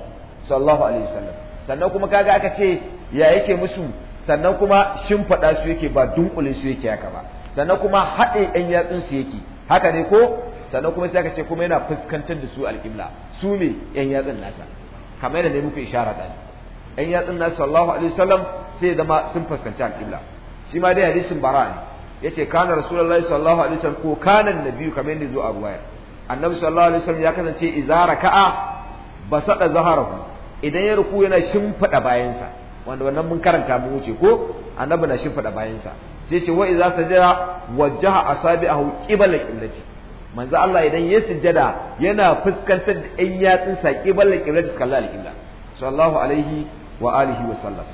sallallahu alaihi wasallam sannan kuma kaga aka ce ya yake musu sannan kuma shimfaɗa su yake ba dunkule su yake haka ba sannan kuma haɗe ɗan yatsun su yake haka ne ko sannan kuma sai aka ce kuma yana fuskantar da su alƙibla su ne ɗan yatsun nasa kamar yadda ne muku ishara ɗan ɗan yatsun nasa sallallahu alaihi wasallam sai zama sun fuskanci alƙibla shi ma dai hadisin bara ne Ya ce kana rasulullahi sallallahu alaihi wasallam ko kana biyu kamar yadda zo a ruwaya annabi sallallahu alaihi wasallam ya kasance idza raka'a basada zaharahu idan ya ruku yana shimfida bayansa wanda wannan mun karanta mu wuce ko annabi na shimfida bayansa sai ce wa idza sajada wajjaha asabi'ahu qibla qiblati manzo Allah idan ya sujjada yana fuskantar da ɗan yatsunsa qibla qiblati sallallahu alaihi wa alihi wa sallam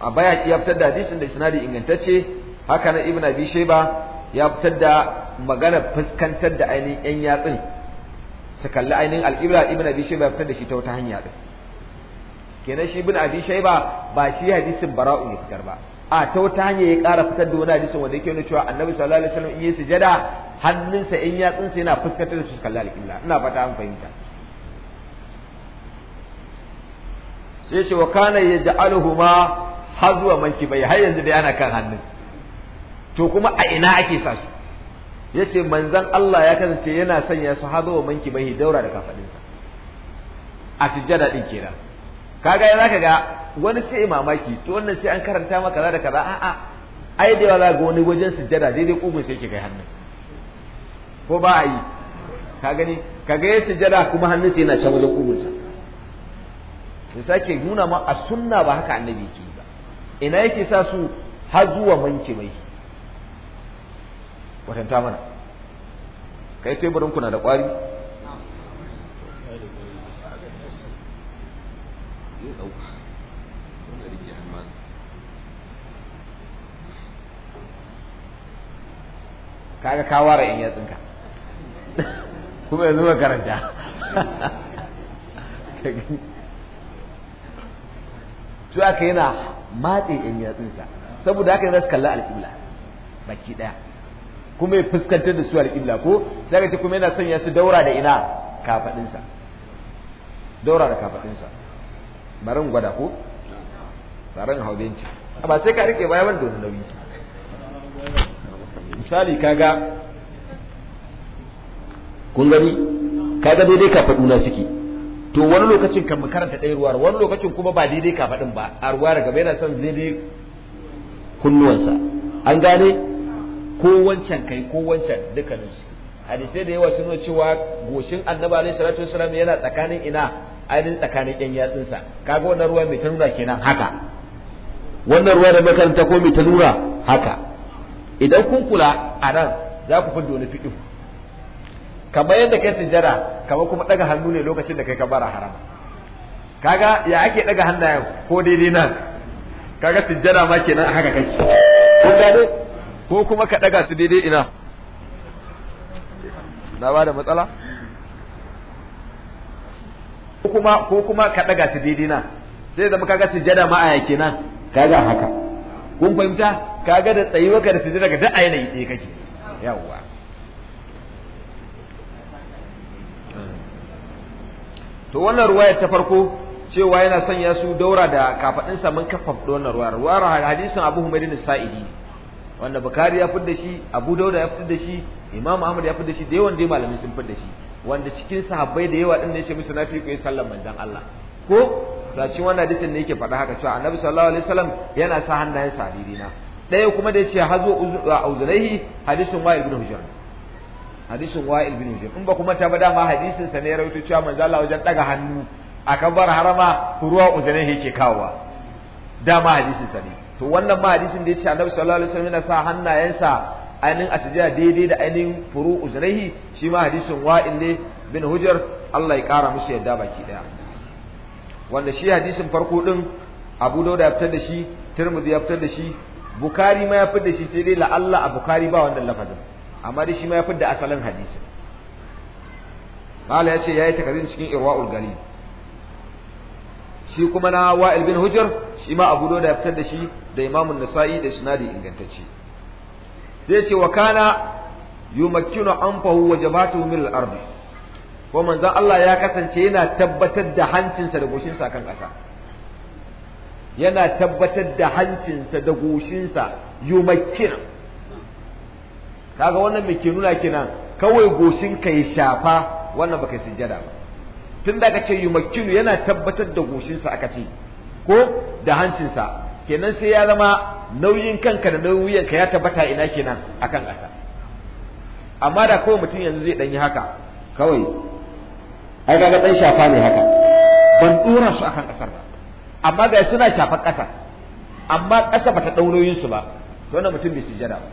a ki ya fitar da hadisin da isnadi ingantacce haka na ibn abi shayba ya fitar da magana fuskantar da ainihin yan yatsin su kalli ainihin ibra ibn abi shayba ya fitar da shi ta wata hanya din kenan shi ibn abi shayba ba shi hadisin bara'u ya fitar ba a ta wata hanya ya ƙara fitar da wani hadisin wanda yake nuna cewa annabi sallallahu alaihi wasallam in yi sujada hannunsa in yatsunsa yana fuskantar da su kalli alƙibla ina fata an fahimta sai ce wa kana yaj'aluhuma har zuwa manki bai har yanzu dai ana kan hannun to kuma a ina ake sa su yace manzon Allah ya kasance yana sanya su har zuwa manki bai daura da kafadinsa a sujjada din kenan kaga ya zaka ga wani sai mamaki to wannan sai an karanta maka kaza da kaza a'a ai da yawa ga wani wajen sujjada daidai kugun sai yake kai hannun ko ba a yi ka gani ga ya sujjada kuma hannun sai yana can wajen kugun sa sake nuna ma a sunna ba haka annabi ke ina yake sa su har zuwa manke mai watanta mana kai teburin kuna da kwari kaga ka ware in yatsinka kuma yanzu ka karanta sai aka yana matse yan yatsunsa saboda haka yana kalla alƙibla baki ɗaya kuma ya fuskantar da su alƙibla ko sai ka ce kuma yana sanya su daura da ina kafaɗinsa daura da kafaɗinsa barin gwada ko barin hau benci ba sai ka riƙe baya wanda wani nauyi misali kaga kun gani kaga daidai kafaɗuna suke to wani lokacin kan makaranta karanta ɗaya ruwa wani lokacin kuma ba daidai ka faɗin ba a ruwa daga bai na son daidai kunnuwansa an gane ko wancan kai ko wancan dukkanin su hadisai da yawa sun cewa goshin annabi alaihi salatu wasallam yana tsakanin ina ainihin tsakanin yan yatsunsa kaga wannan ruwa mai ta nuna kenan haka wannan ruwa da makaranta ko mai ta nuna haka idan kun kula a nan za ku fi wani fiɗin kamar yadda kai sujjada kamar kuma daga hannu ne lokacin da kai ka bara haram kaga ya ake daga hannayen ko daidai nan kaga sujjada ma kenan a haka kai. kun gane ko kuma ka daga su daidai ina na ba da matsala ko kuma ko kuma ka daga su daidai nan sai zama kaga sujjada ma a kenan kaga haka kun fahimta kaga da tsayuwa ka da sujjada ga duk a yanayi ɗaya kake yawwa to wannan ruwayar ta farko cewa yana sanya su daura da kafadinsa mun kafafa wannan ruwayar ruwayar hadisin Abu Humaydin Sa'idi wanda Bukhari ya fidda shi Abu Dauda ya fidda shi Imam Ahmad ya fidda shi da yawan dai malamai sun fidda shi wanda cikin sahabbai da yawa din ne ce musu nafi ku sallan sallar manzon Allah ko da cikin wannan hadisin ne yake faɗa haka cewa Annabi sallallahu alaihi wasallam yana sa hannayen sa dirina ɗaya kuma da yace hazo auzunaihi hadisin Wa'il ibn Hujr hadisin wa'il bin hujr in ba kuma ta ba dama hadisin sa ne rawaito cewa manzo Allah wajen daga hannu akan bar harama ruwa uzurin yake kawowa dama hadisin sa ne to wannan ma hadisin da yace Annabi sallallahu alaihi wasallam yana sa hannayensa ainin asjada daidai da ainin furu uzrahi shi ma hadisin wa'il ne bin hujr Allah ya kara musu yadda baki daya wanda shi hadisin farko din Abu Dawud ya fitar da shi Tirmidhi ya fitar da shi Bukhari ma ya fitar da shi sai dai la Allah a Bukhari ba wannan lafazin amma dai shi ma ya fi da asalin hadisin mala ya ce ya yi takarin cikin irwa'ul gari. shi kuma na wa'il bin hujjar shi ma abu da ya fitar da shi da imamun nasa'i da sinadi ingantacci sai ce wa kana yumakkinu anfahu wa jabatuhu min al-ard ko manzon Allah ya kasance yana tabbatar da hancinsa da goshinsa kan ƙasa yana tabbatar da hancinsa da goshinsa yumakkinu kaga wannan me ke nuna kenan kawai goshin ka ya shafa wannan baka sujjada ba tun da aka ce yumakkinu yana tabbatar da goshinsa aka ce ko da hancinsa kenan sai ya zama nauyin kanka da nauyin wuyanka ya tabbata ina kenan akan ƙasa amma da kawai mutum yanzu zai danyi haka kawai ai kaga ɗan shafa ne haka ban dora su akan ƙasar ba amma ga suna shafar ƙasa amma ƙasa bata ɗau su ba to wannan mutum bai sujjada ba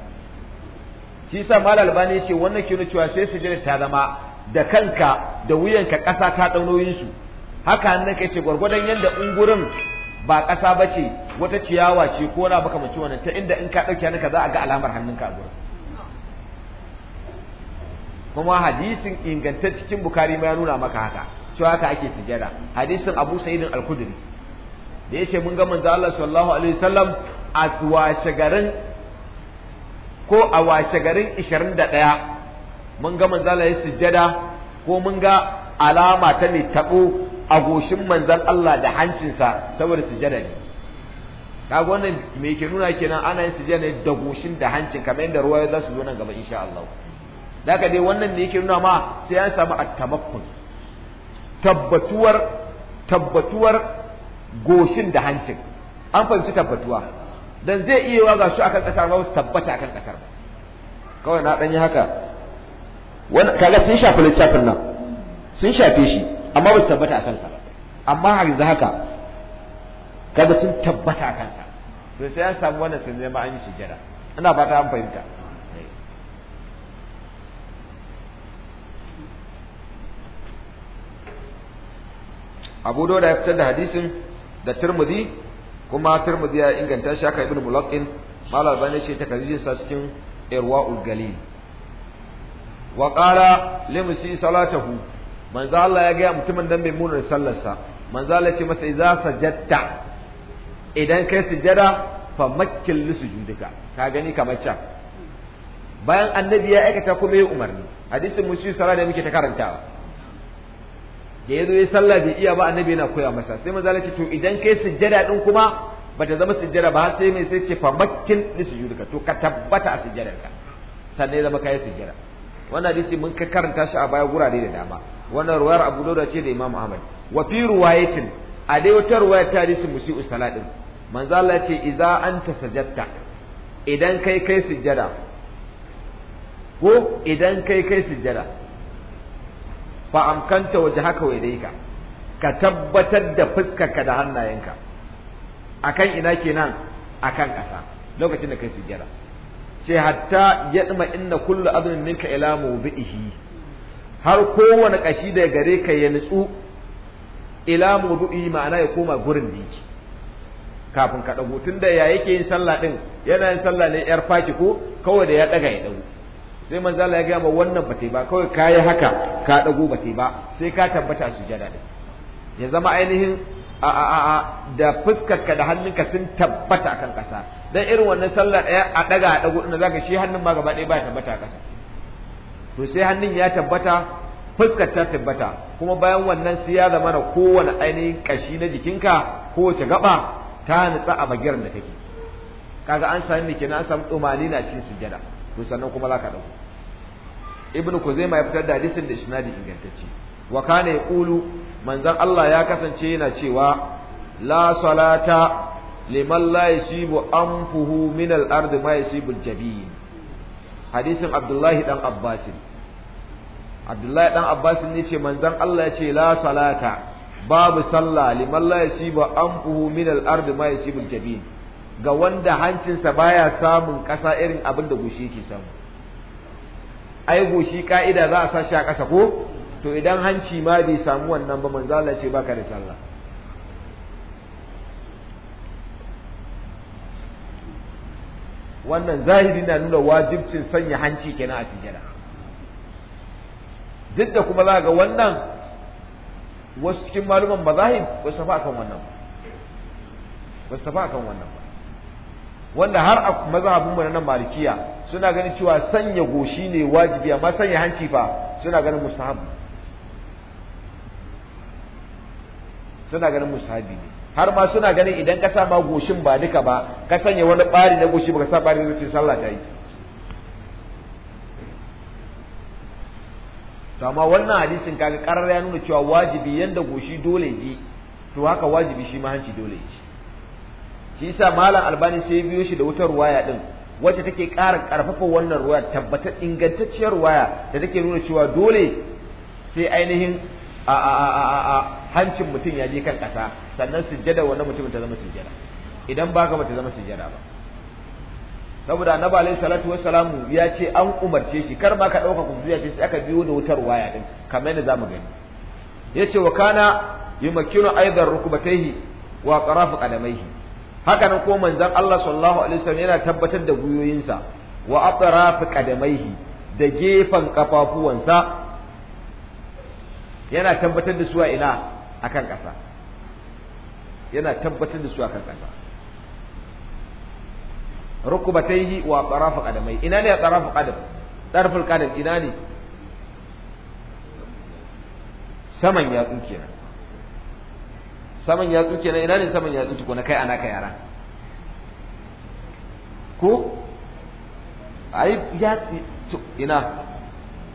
shi sa mal albani ce wannan ke nuna cewa sai sujada ta zama da kanka da wuyanka ƙasa ta daunoyin su haka nan kai ce gwargwadon yanda ungurin ba ƙasa ba wata ciyawa ce ko na baka mace wannan ta inda in ka ɗauke ka za a ga alamar hannunka a gurin kuma hadisin inganta cikin bukari ma ya nuna maka haka cewa haka ake sujada hadisin abu sa'idin al-kudri da yace mun ga manzo Allah sallallahu alaihi wasallam a washe garin ko a washe garin 21 mun ga manzala ya sujjada ko mun ga alama ta ne tabo a goshin manzan Allah da hancinsa saboda sujjada ne ga wannan me yake nuna kenan ana yin sujjada ne da goshin da hancin kamar yadda ruwa za su zo nan gaba insha Allah daga dai wannan ne yake nuna ma sai an samu attamakkun tabbatuwar tabbatuwar goshin da hancin an fahimci tabbatuwa dan zai iya yawa ga su akan kasar ba su tabbata akan kasar ba kawai na dan yi haka wani kaga sun shafi littafin nan sun shafe shi amma ba su tabbata akan sa amma har yanzu haka kaga sun tabbata akan sa to sai an samu wannan sun zama an yi sujjada ina fata an fahimta Abu Dawud ya fitar da hadisin da Tirmidhi kuma Tirmidhi ya inganta shi aka ibnu Mulaqqin Mal Albani shi ta sa cikin Irwaul Galil wa qala limsi salatahu manzo Allah ya ga mutumin dan bai munar sallarsa manzo Allah ya ce masa idza sajadta idan kai sujada fa makkil li sujudika ka gani kamar can bayan annabi ya aikata kuma ya umarni hadisin musu sala da muke ta karantawa da yazo ya sallah bai iya ba annabi yana koya masa sai manzo ce to idan kai sujjada din kuma bata zama sujjada ba har sai mai sai ce famakkin lisujudika to ka tabbata a ka sannan ya zama kai sujjada wannan hadisi mun ka karanta shi a baya gurare da dama wannan ruwayar Abu Dawud ce da Imam Ahmad wa fi ruwayatin a dai wata ruwaya ta hadisi musiu salatin manzo Allah ce idza anta sajadta idan kai kai sujjada ko idan kai kai sujjada fa amkanta wajhaka wa yadayka ka tabbatar da fuskarka da hannayenka akan ina kenan akan ƙasa lokacin da kai sujjara ce hatta yadma inna kullu abin minka ila mawdihi har kowane kashi da gare ka ya nutsu ila mawdihi ma'ana ya koma gurin da kafin ka dago tunda ya yake yin sallah din yana yin sallah ne yar faki ko kawai da ya daga ya dago sai manzo Allah ya ga ma wannan bate ba kawai kai haka ka dago bate ba sai ka tabbata sujada din ya zama ainihin a a a da fuskarka da hannunka sun tabbata kan kasa dan irin wannan sallar daya a daga a dago din zaka shi hannun ma gaba ɗaya ba tabbata a kasa to sai hannun ya tabbata fuskar ta tabbata kuma bayan wannan sai ya zama na kowane ainihin kashi na jikinka kowace gaba ta nutsa a bagiran da kake kaga an sami kenan an samu tsumani na cin sujada to sannan kuma za ka ɗauko ibnu kuzaima ya fitar da hadisin da isnadi ingantacce wa kana yaqulu manzan Allah ya kasance yana cewa la salata liman la yasibu anfuhu min al-ard ma yasibu al-jabin hadisin Abdullahi dan Abbas Abdullahi dan Abbas ne ce manzan Allah ya ce la salata babu sallah liman la yasibu anfuhu min al-ard ma yasibu al-jabin ga wanda hancinsa baya samun ƙasa irin abin da goshi yake samu ai goshi ka'ida za a sashi a ƙasa ko to idan hanci ma bai samu wannan ba manzala ce baka da sallah wannan zahiri na nuna wajibcin sanya hanci kenan a sujada duk da kuma za ga wannan wasu cikin maluman mazahib ba su kan wannan ba su kan wannan wanda har a mazhabin mu na nan malikiya suna ganin cewa sanya goshi ne wajibi amma sanya hanci fa suna ganin musahabi suna ganin musahabi ne har ma suna ganin idan ka sa ba goshin ba duka ba ka sanya wani bari na goshi baka sa bari na goshi sallah ta yi to amma wannan hadisin kaga karar ya nuna cewa wajibi yanda goshi dole ji to haka wajibi shi ma hanci dole ji shi yasa malam albani sai biyo shi da wutar ruwaya din wacce take ƙara ƙarfafa wannan ruwaya tabbatar ingantacciyar ruwaya da take nuna cewa dole sai ainihin a a a a hancin mutum ya je kan ƙasa sannan sujjada wannan mutumin ta zama sujjada idan ba ka ta zama sujjada ba saboda annabi alaihi salatu wassalamu ya ce an umarce shi kar ma ka ɗauka kumbiya ce sai aka biyo da wutar ruwaya din kamar yadda zamu gani yace wa kana yumakkinu aidar rukbatayhi wa qarafu qadamayhi haka nan ko manzon Allah sallallahu alaihi wasallam yana tabbatar da guyoyinsa wa atraf qadamaihi da gefen kafafuwansa yana tabbatar da su a ina akan ƙasa yana tabbatar da su akan ƙasa rukubataihi wa atraf qadamai ina ne atraf qadam tarful qadam ina ne saman yatsun kenan saman yatsu kenan ina ne saman yatsu tukuna kai ana ka yara ko ai ya ina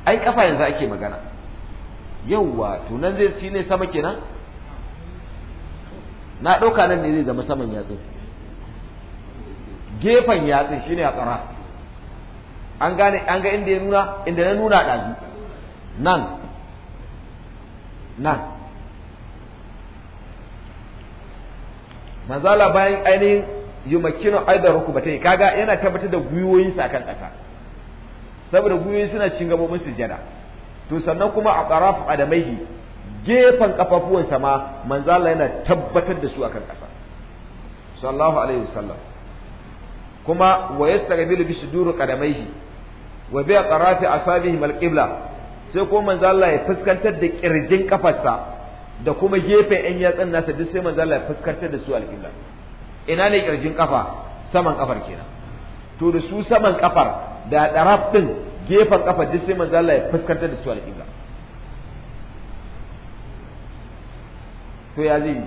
ai kafa yanzu ake magana yawwa to nan zai shi ne sama kenan na ɗauka nan ne zai zama saman yatsu gefen yatsu shine a tsara an gane an ga inda ya nuna inda na nuna ɗazu nan nan manzala bayan ainihin yumakkinu aidar rukubatai kaga yana tabbatar da guyoyin sa kan kasa saboda gwiwoyi suna cin gabobin sujada to sannan kuma a qaraf adamaihi gefen kafafuwan sa ma manzala yana tabbatar da su akan kasa sallallahu alaihi wasallam kuma wa yastaghbilu bi suduri qadamaihi wa bi qarafi asabihi mal qibla sai ko manzo Allah ya fuskantar da kirjin kafarsa da kuma gefen yan yatsan nasa duk sai manzo Allah ya fuskantar da su alƙibla ina ne kirjin kafa saman kafar kenan to da su saman kafar da ɗarafin din gefen kafar duk sai manzo Allah ya fuskantar da su alƙibla to ya zai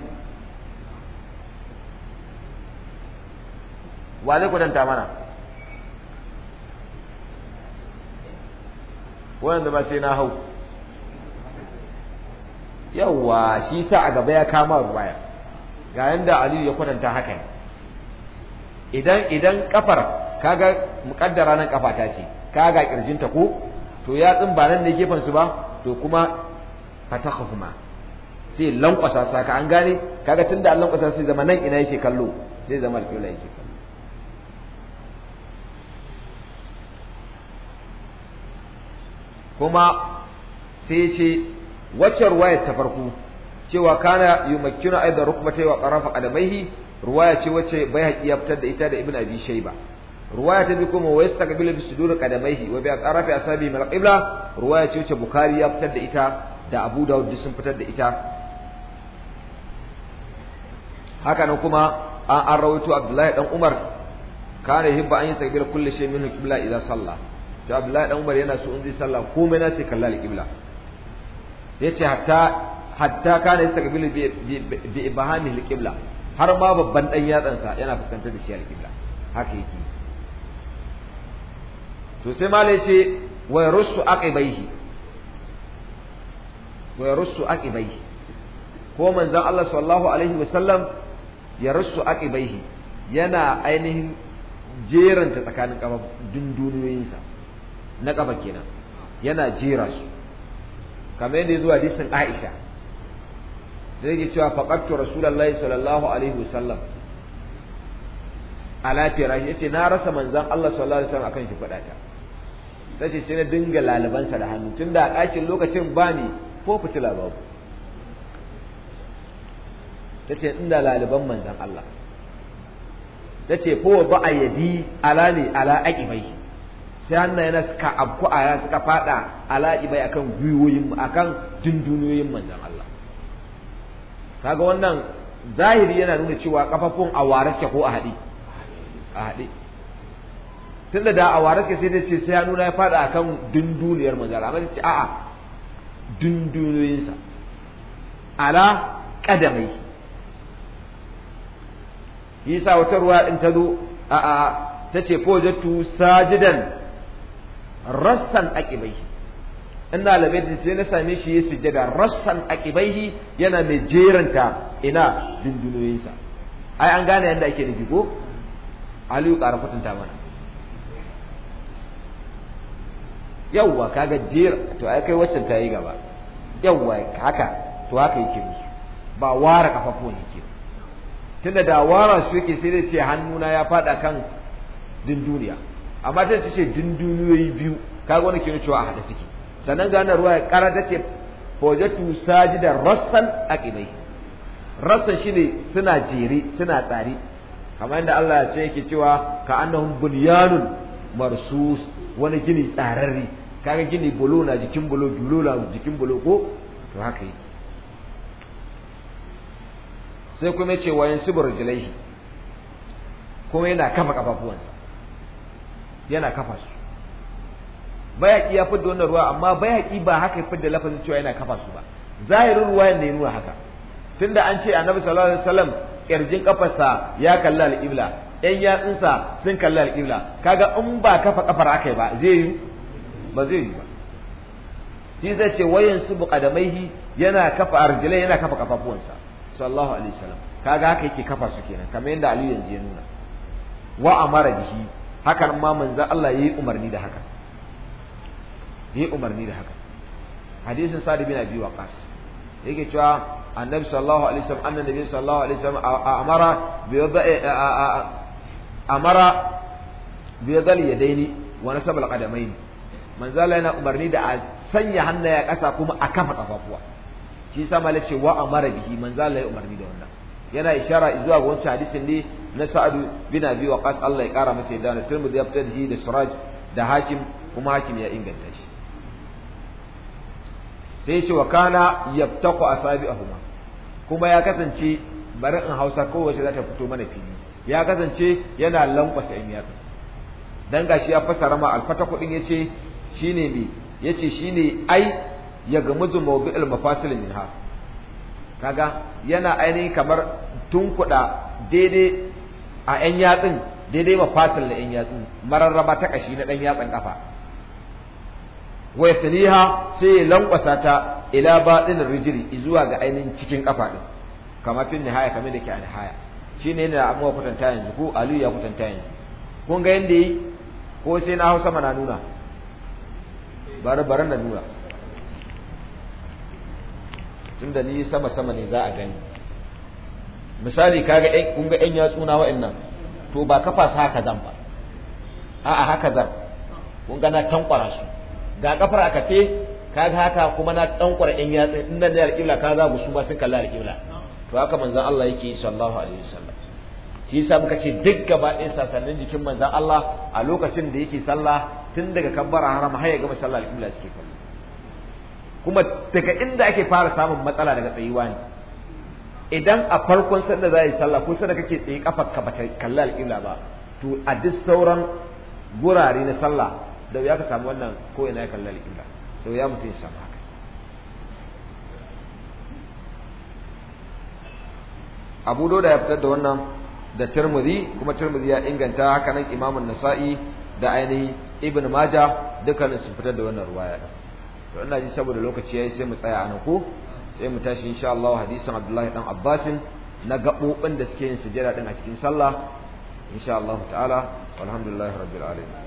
wa zai kudanta mana wanda ba sai na hau yawwa shi sa a gaba ya kama ruwaya ga yanda aliyu ya kwatanta haka idan idan kafar kaga mukaddara nan kafa ta ce kaga kirjinta ko to yatsun ba nan ne gefen su ba to kuma fatakhuma sai lankwasa saka an gane kaga tunda an lankwasa sai zama nan ina yake kallo sai zama alƙibla yake kallo kuma sai ce wacce ruwayar ta farko cewa kana yumakkinu aidan rukbatai wa qarafa qadamaihi ruwaya ce wacce baihaqi ya fitar da ita da Ibn abi shayba ruwaya ta bi kuma wa yastaqbilu bi sudur qadamaihi wa bi qarafi asabi min qibla ruwaya ce wacce bukhari ya fitar da ita da abu dawud sun fitar da ita haka nan kuma an an rawaito abdullahi dan umar kana hibba an yastaqbilu kulli shay minhu qibla idza salla to abdullahi dan umar yana so in zai sallah komai na ce kallal qibla yace ce hatta kana yastaqbilu bi ibhami al har ma babban dan yatsansa yana fuskantar da shi alƙibla haka yake to sai malai ce wa rusu aqibaihi wa rusu aqibaihi ko manzon Allah sallallahu alaihi wasallam rusu aqibaihi yana ainihin jeranta tsakanin kaba dunduniyoyinsa na kaba kenan yana jera su kamar yadda zuwa hadisin Aisha da yake cewa faqattu rasulullahi sallallahu alaihi wasallam ala firashi yace na rasa manzon Allah sallallahu alaihi wasallam akan shi fada ta tace sai na dinga lalibansa da hannu tunda a ɗakin lokacin ba ni ko fitila babu tace inda laliban manzon Allah ta ce ko ba a yadi ala ne ala aqibai sai hannaye yana suka abku aya suka fada ala'i bai akan guyoyin akan dunduniyoyin manzon Allah kaga wannan zahiri yana nuna cewa kafafun a suke ko a haɗe a haɗe tunda da a suke sai dai ce sai ya nuna ya fada akan dunduniyar manzon Allah amma ce a'a dunduniyoyinsa ala kadamai yi wata ruwa din ta zo a'a tace fojatu sajidan rassan aqibaihi in dalibai da sai na same shi ya sujjada rassan aqibaihi yana mai jeranta ina dindunoyinsa ai an gane yadda ake nufi ko aliyu ƙara kwatanta mana yawwa kaga jera to ai kai waccan ta yi gaba yawwa haka to haka yake musu ba ware kafafuwan ne ba tunda da wara su yake sai dai ce hannuna ya fada kan dinduniya amma ta ce din biyu kaga wani ke cewa a haɗa suke sannan ganar ruwa ya ƙara ta ce fojatu sajida rassan aqibai rassan shine suna jere suna tsari kamar yadda Allah ya ce yake cewa ka annahum bunyanun marsus wani gini tsararri kaga gini bulo na jikin bulo bulo na jikin bulo ko to haka yake sai kuma ya ce wayan sibur jilaihi kuma yana kafa kafafuwansa yana kafa su bayaki ya fidda wannan ruwa amma bayaki ba haka ya fidda lafazin cewa yana kafa su ba zahirin ruwa ne nuna haka tunda an ce annabi sallallahu alaihi wasallam kirjin kafarsa ya kalli al'ibla ɗan yatsunsa sun kalli al'ibla kaga in ba kafa kafar aka yi ba zai yi ba zai yi ba shi zai ce wayan su buqadamaihi yana kafa arjilai yana kafa kafafuwansa sallallahu alaihi wasallam kaga haka yake kafa su kenan kamar yadda aliyu yanzu ya nuna wa amara bihi hakan ma manzo Allah ya yi umarni da haka yi umarni da haka hadisin sadi bin abi waqas yake cewa annabi sallallahu alaihi wasallam annabi sallallahu alaihi wasallam amara bi wada'i amara bi yadal yadaini wa nasab al qadamain manzo Allah yana umarni da a sanya hannaye a ƙasa kuma a kafa kafafuwa shi sa malai ce wa amara bihi manzo Allah ya umarni da wannan yana ishara zuwa ga wancan hadisin ne na sa'adu bin Abi waqas Allah ya kara masa yadda Tirmidhi ya fitar da da Suraj da Hakim kuma Hakim ya inganta shi sai shi wa kana yabtaqu asabi'ahuma kuma ya kasance bari in Hausa kowace za ta fito mana fili ya kasance yana lankwasa in yatsa dan gashi ya fasara ma alfata kudin yace shine bi yace shine ai ya gamu mawdu'ul mafasil minha kaga yana ainihin kamar tunkuɗa daidai a 'yan yatsun daidai ma fatin da 'yan yatsun mararraba ta ƙashi na ɗan yatsun ƙafa wa saliha sai ya lankwasa ta ila baɗin rijiri zuwa ga ainihin cikin ƙafa ɗin kamar fin nihaya kamar da ke a nihaya ne yana amma kwatanta yanzu ko aliyu ya kwatanta yanzu kun ga yanda yi ko sai na hausa mana nuna bari bari na nuna tunda ni sama sama ne za a gani misali kaga ɗan kun ga ɗan yatsu na wa'annan to ba kafa su haka zan ba a'a haka zan kun ga na tankwara su ga kafar aka fe, kaga haka kuma na tankwara ɗan yatsu in nan da alƙibla ka za su ba sun kalla alƙibla to haka manzon Allah yake sallallahu alaihi wasallam shi yasa muka ce duk gaba ɗaya sasannin jikin manzon Allah a lokacin da yake sallah tun daga kabbara haram har ya gama sallah alƙibla suke kallo kuma daga inda ake fara samun matsala daga tsayuwa ne idan a farkon sanda za a yi sallah ko sanda kake tsaye kafar ka bata kalli alƙibla ba to a duk sauran gurare na sallah da ya ka samu wannan ko ina ya kalli alƙibla to ya mutum ya samu haka Abu da ya fitar da wannan da Tirmidhi kuma Tirmidhi ya inganta haka nan Imam Nasa'i da ainihin Ibn Majah dukkanin sun fitar da wannan ruwaya to ina ji saboda lokaci yayi sai mu tsaya anan ko sai mu tashi insha Allah hadisin Abdullahi dan Abbasin na gabobin da suke yin sujada din a cikin sallah insha Allah ta'ala walhamdulillahi rabbil alamin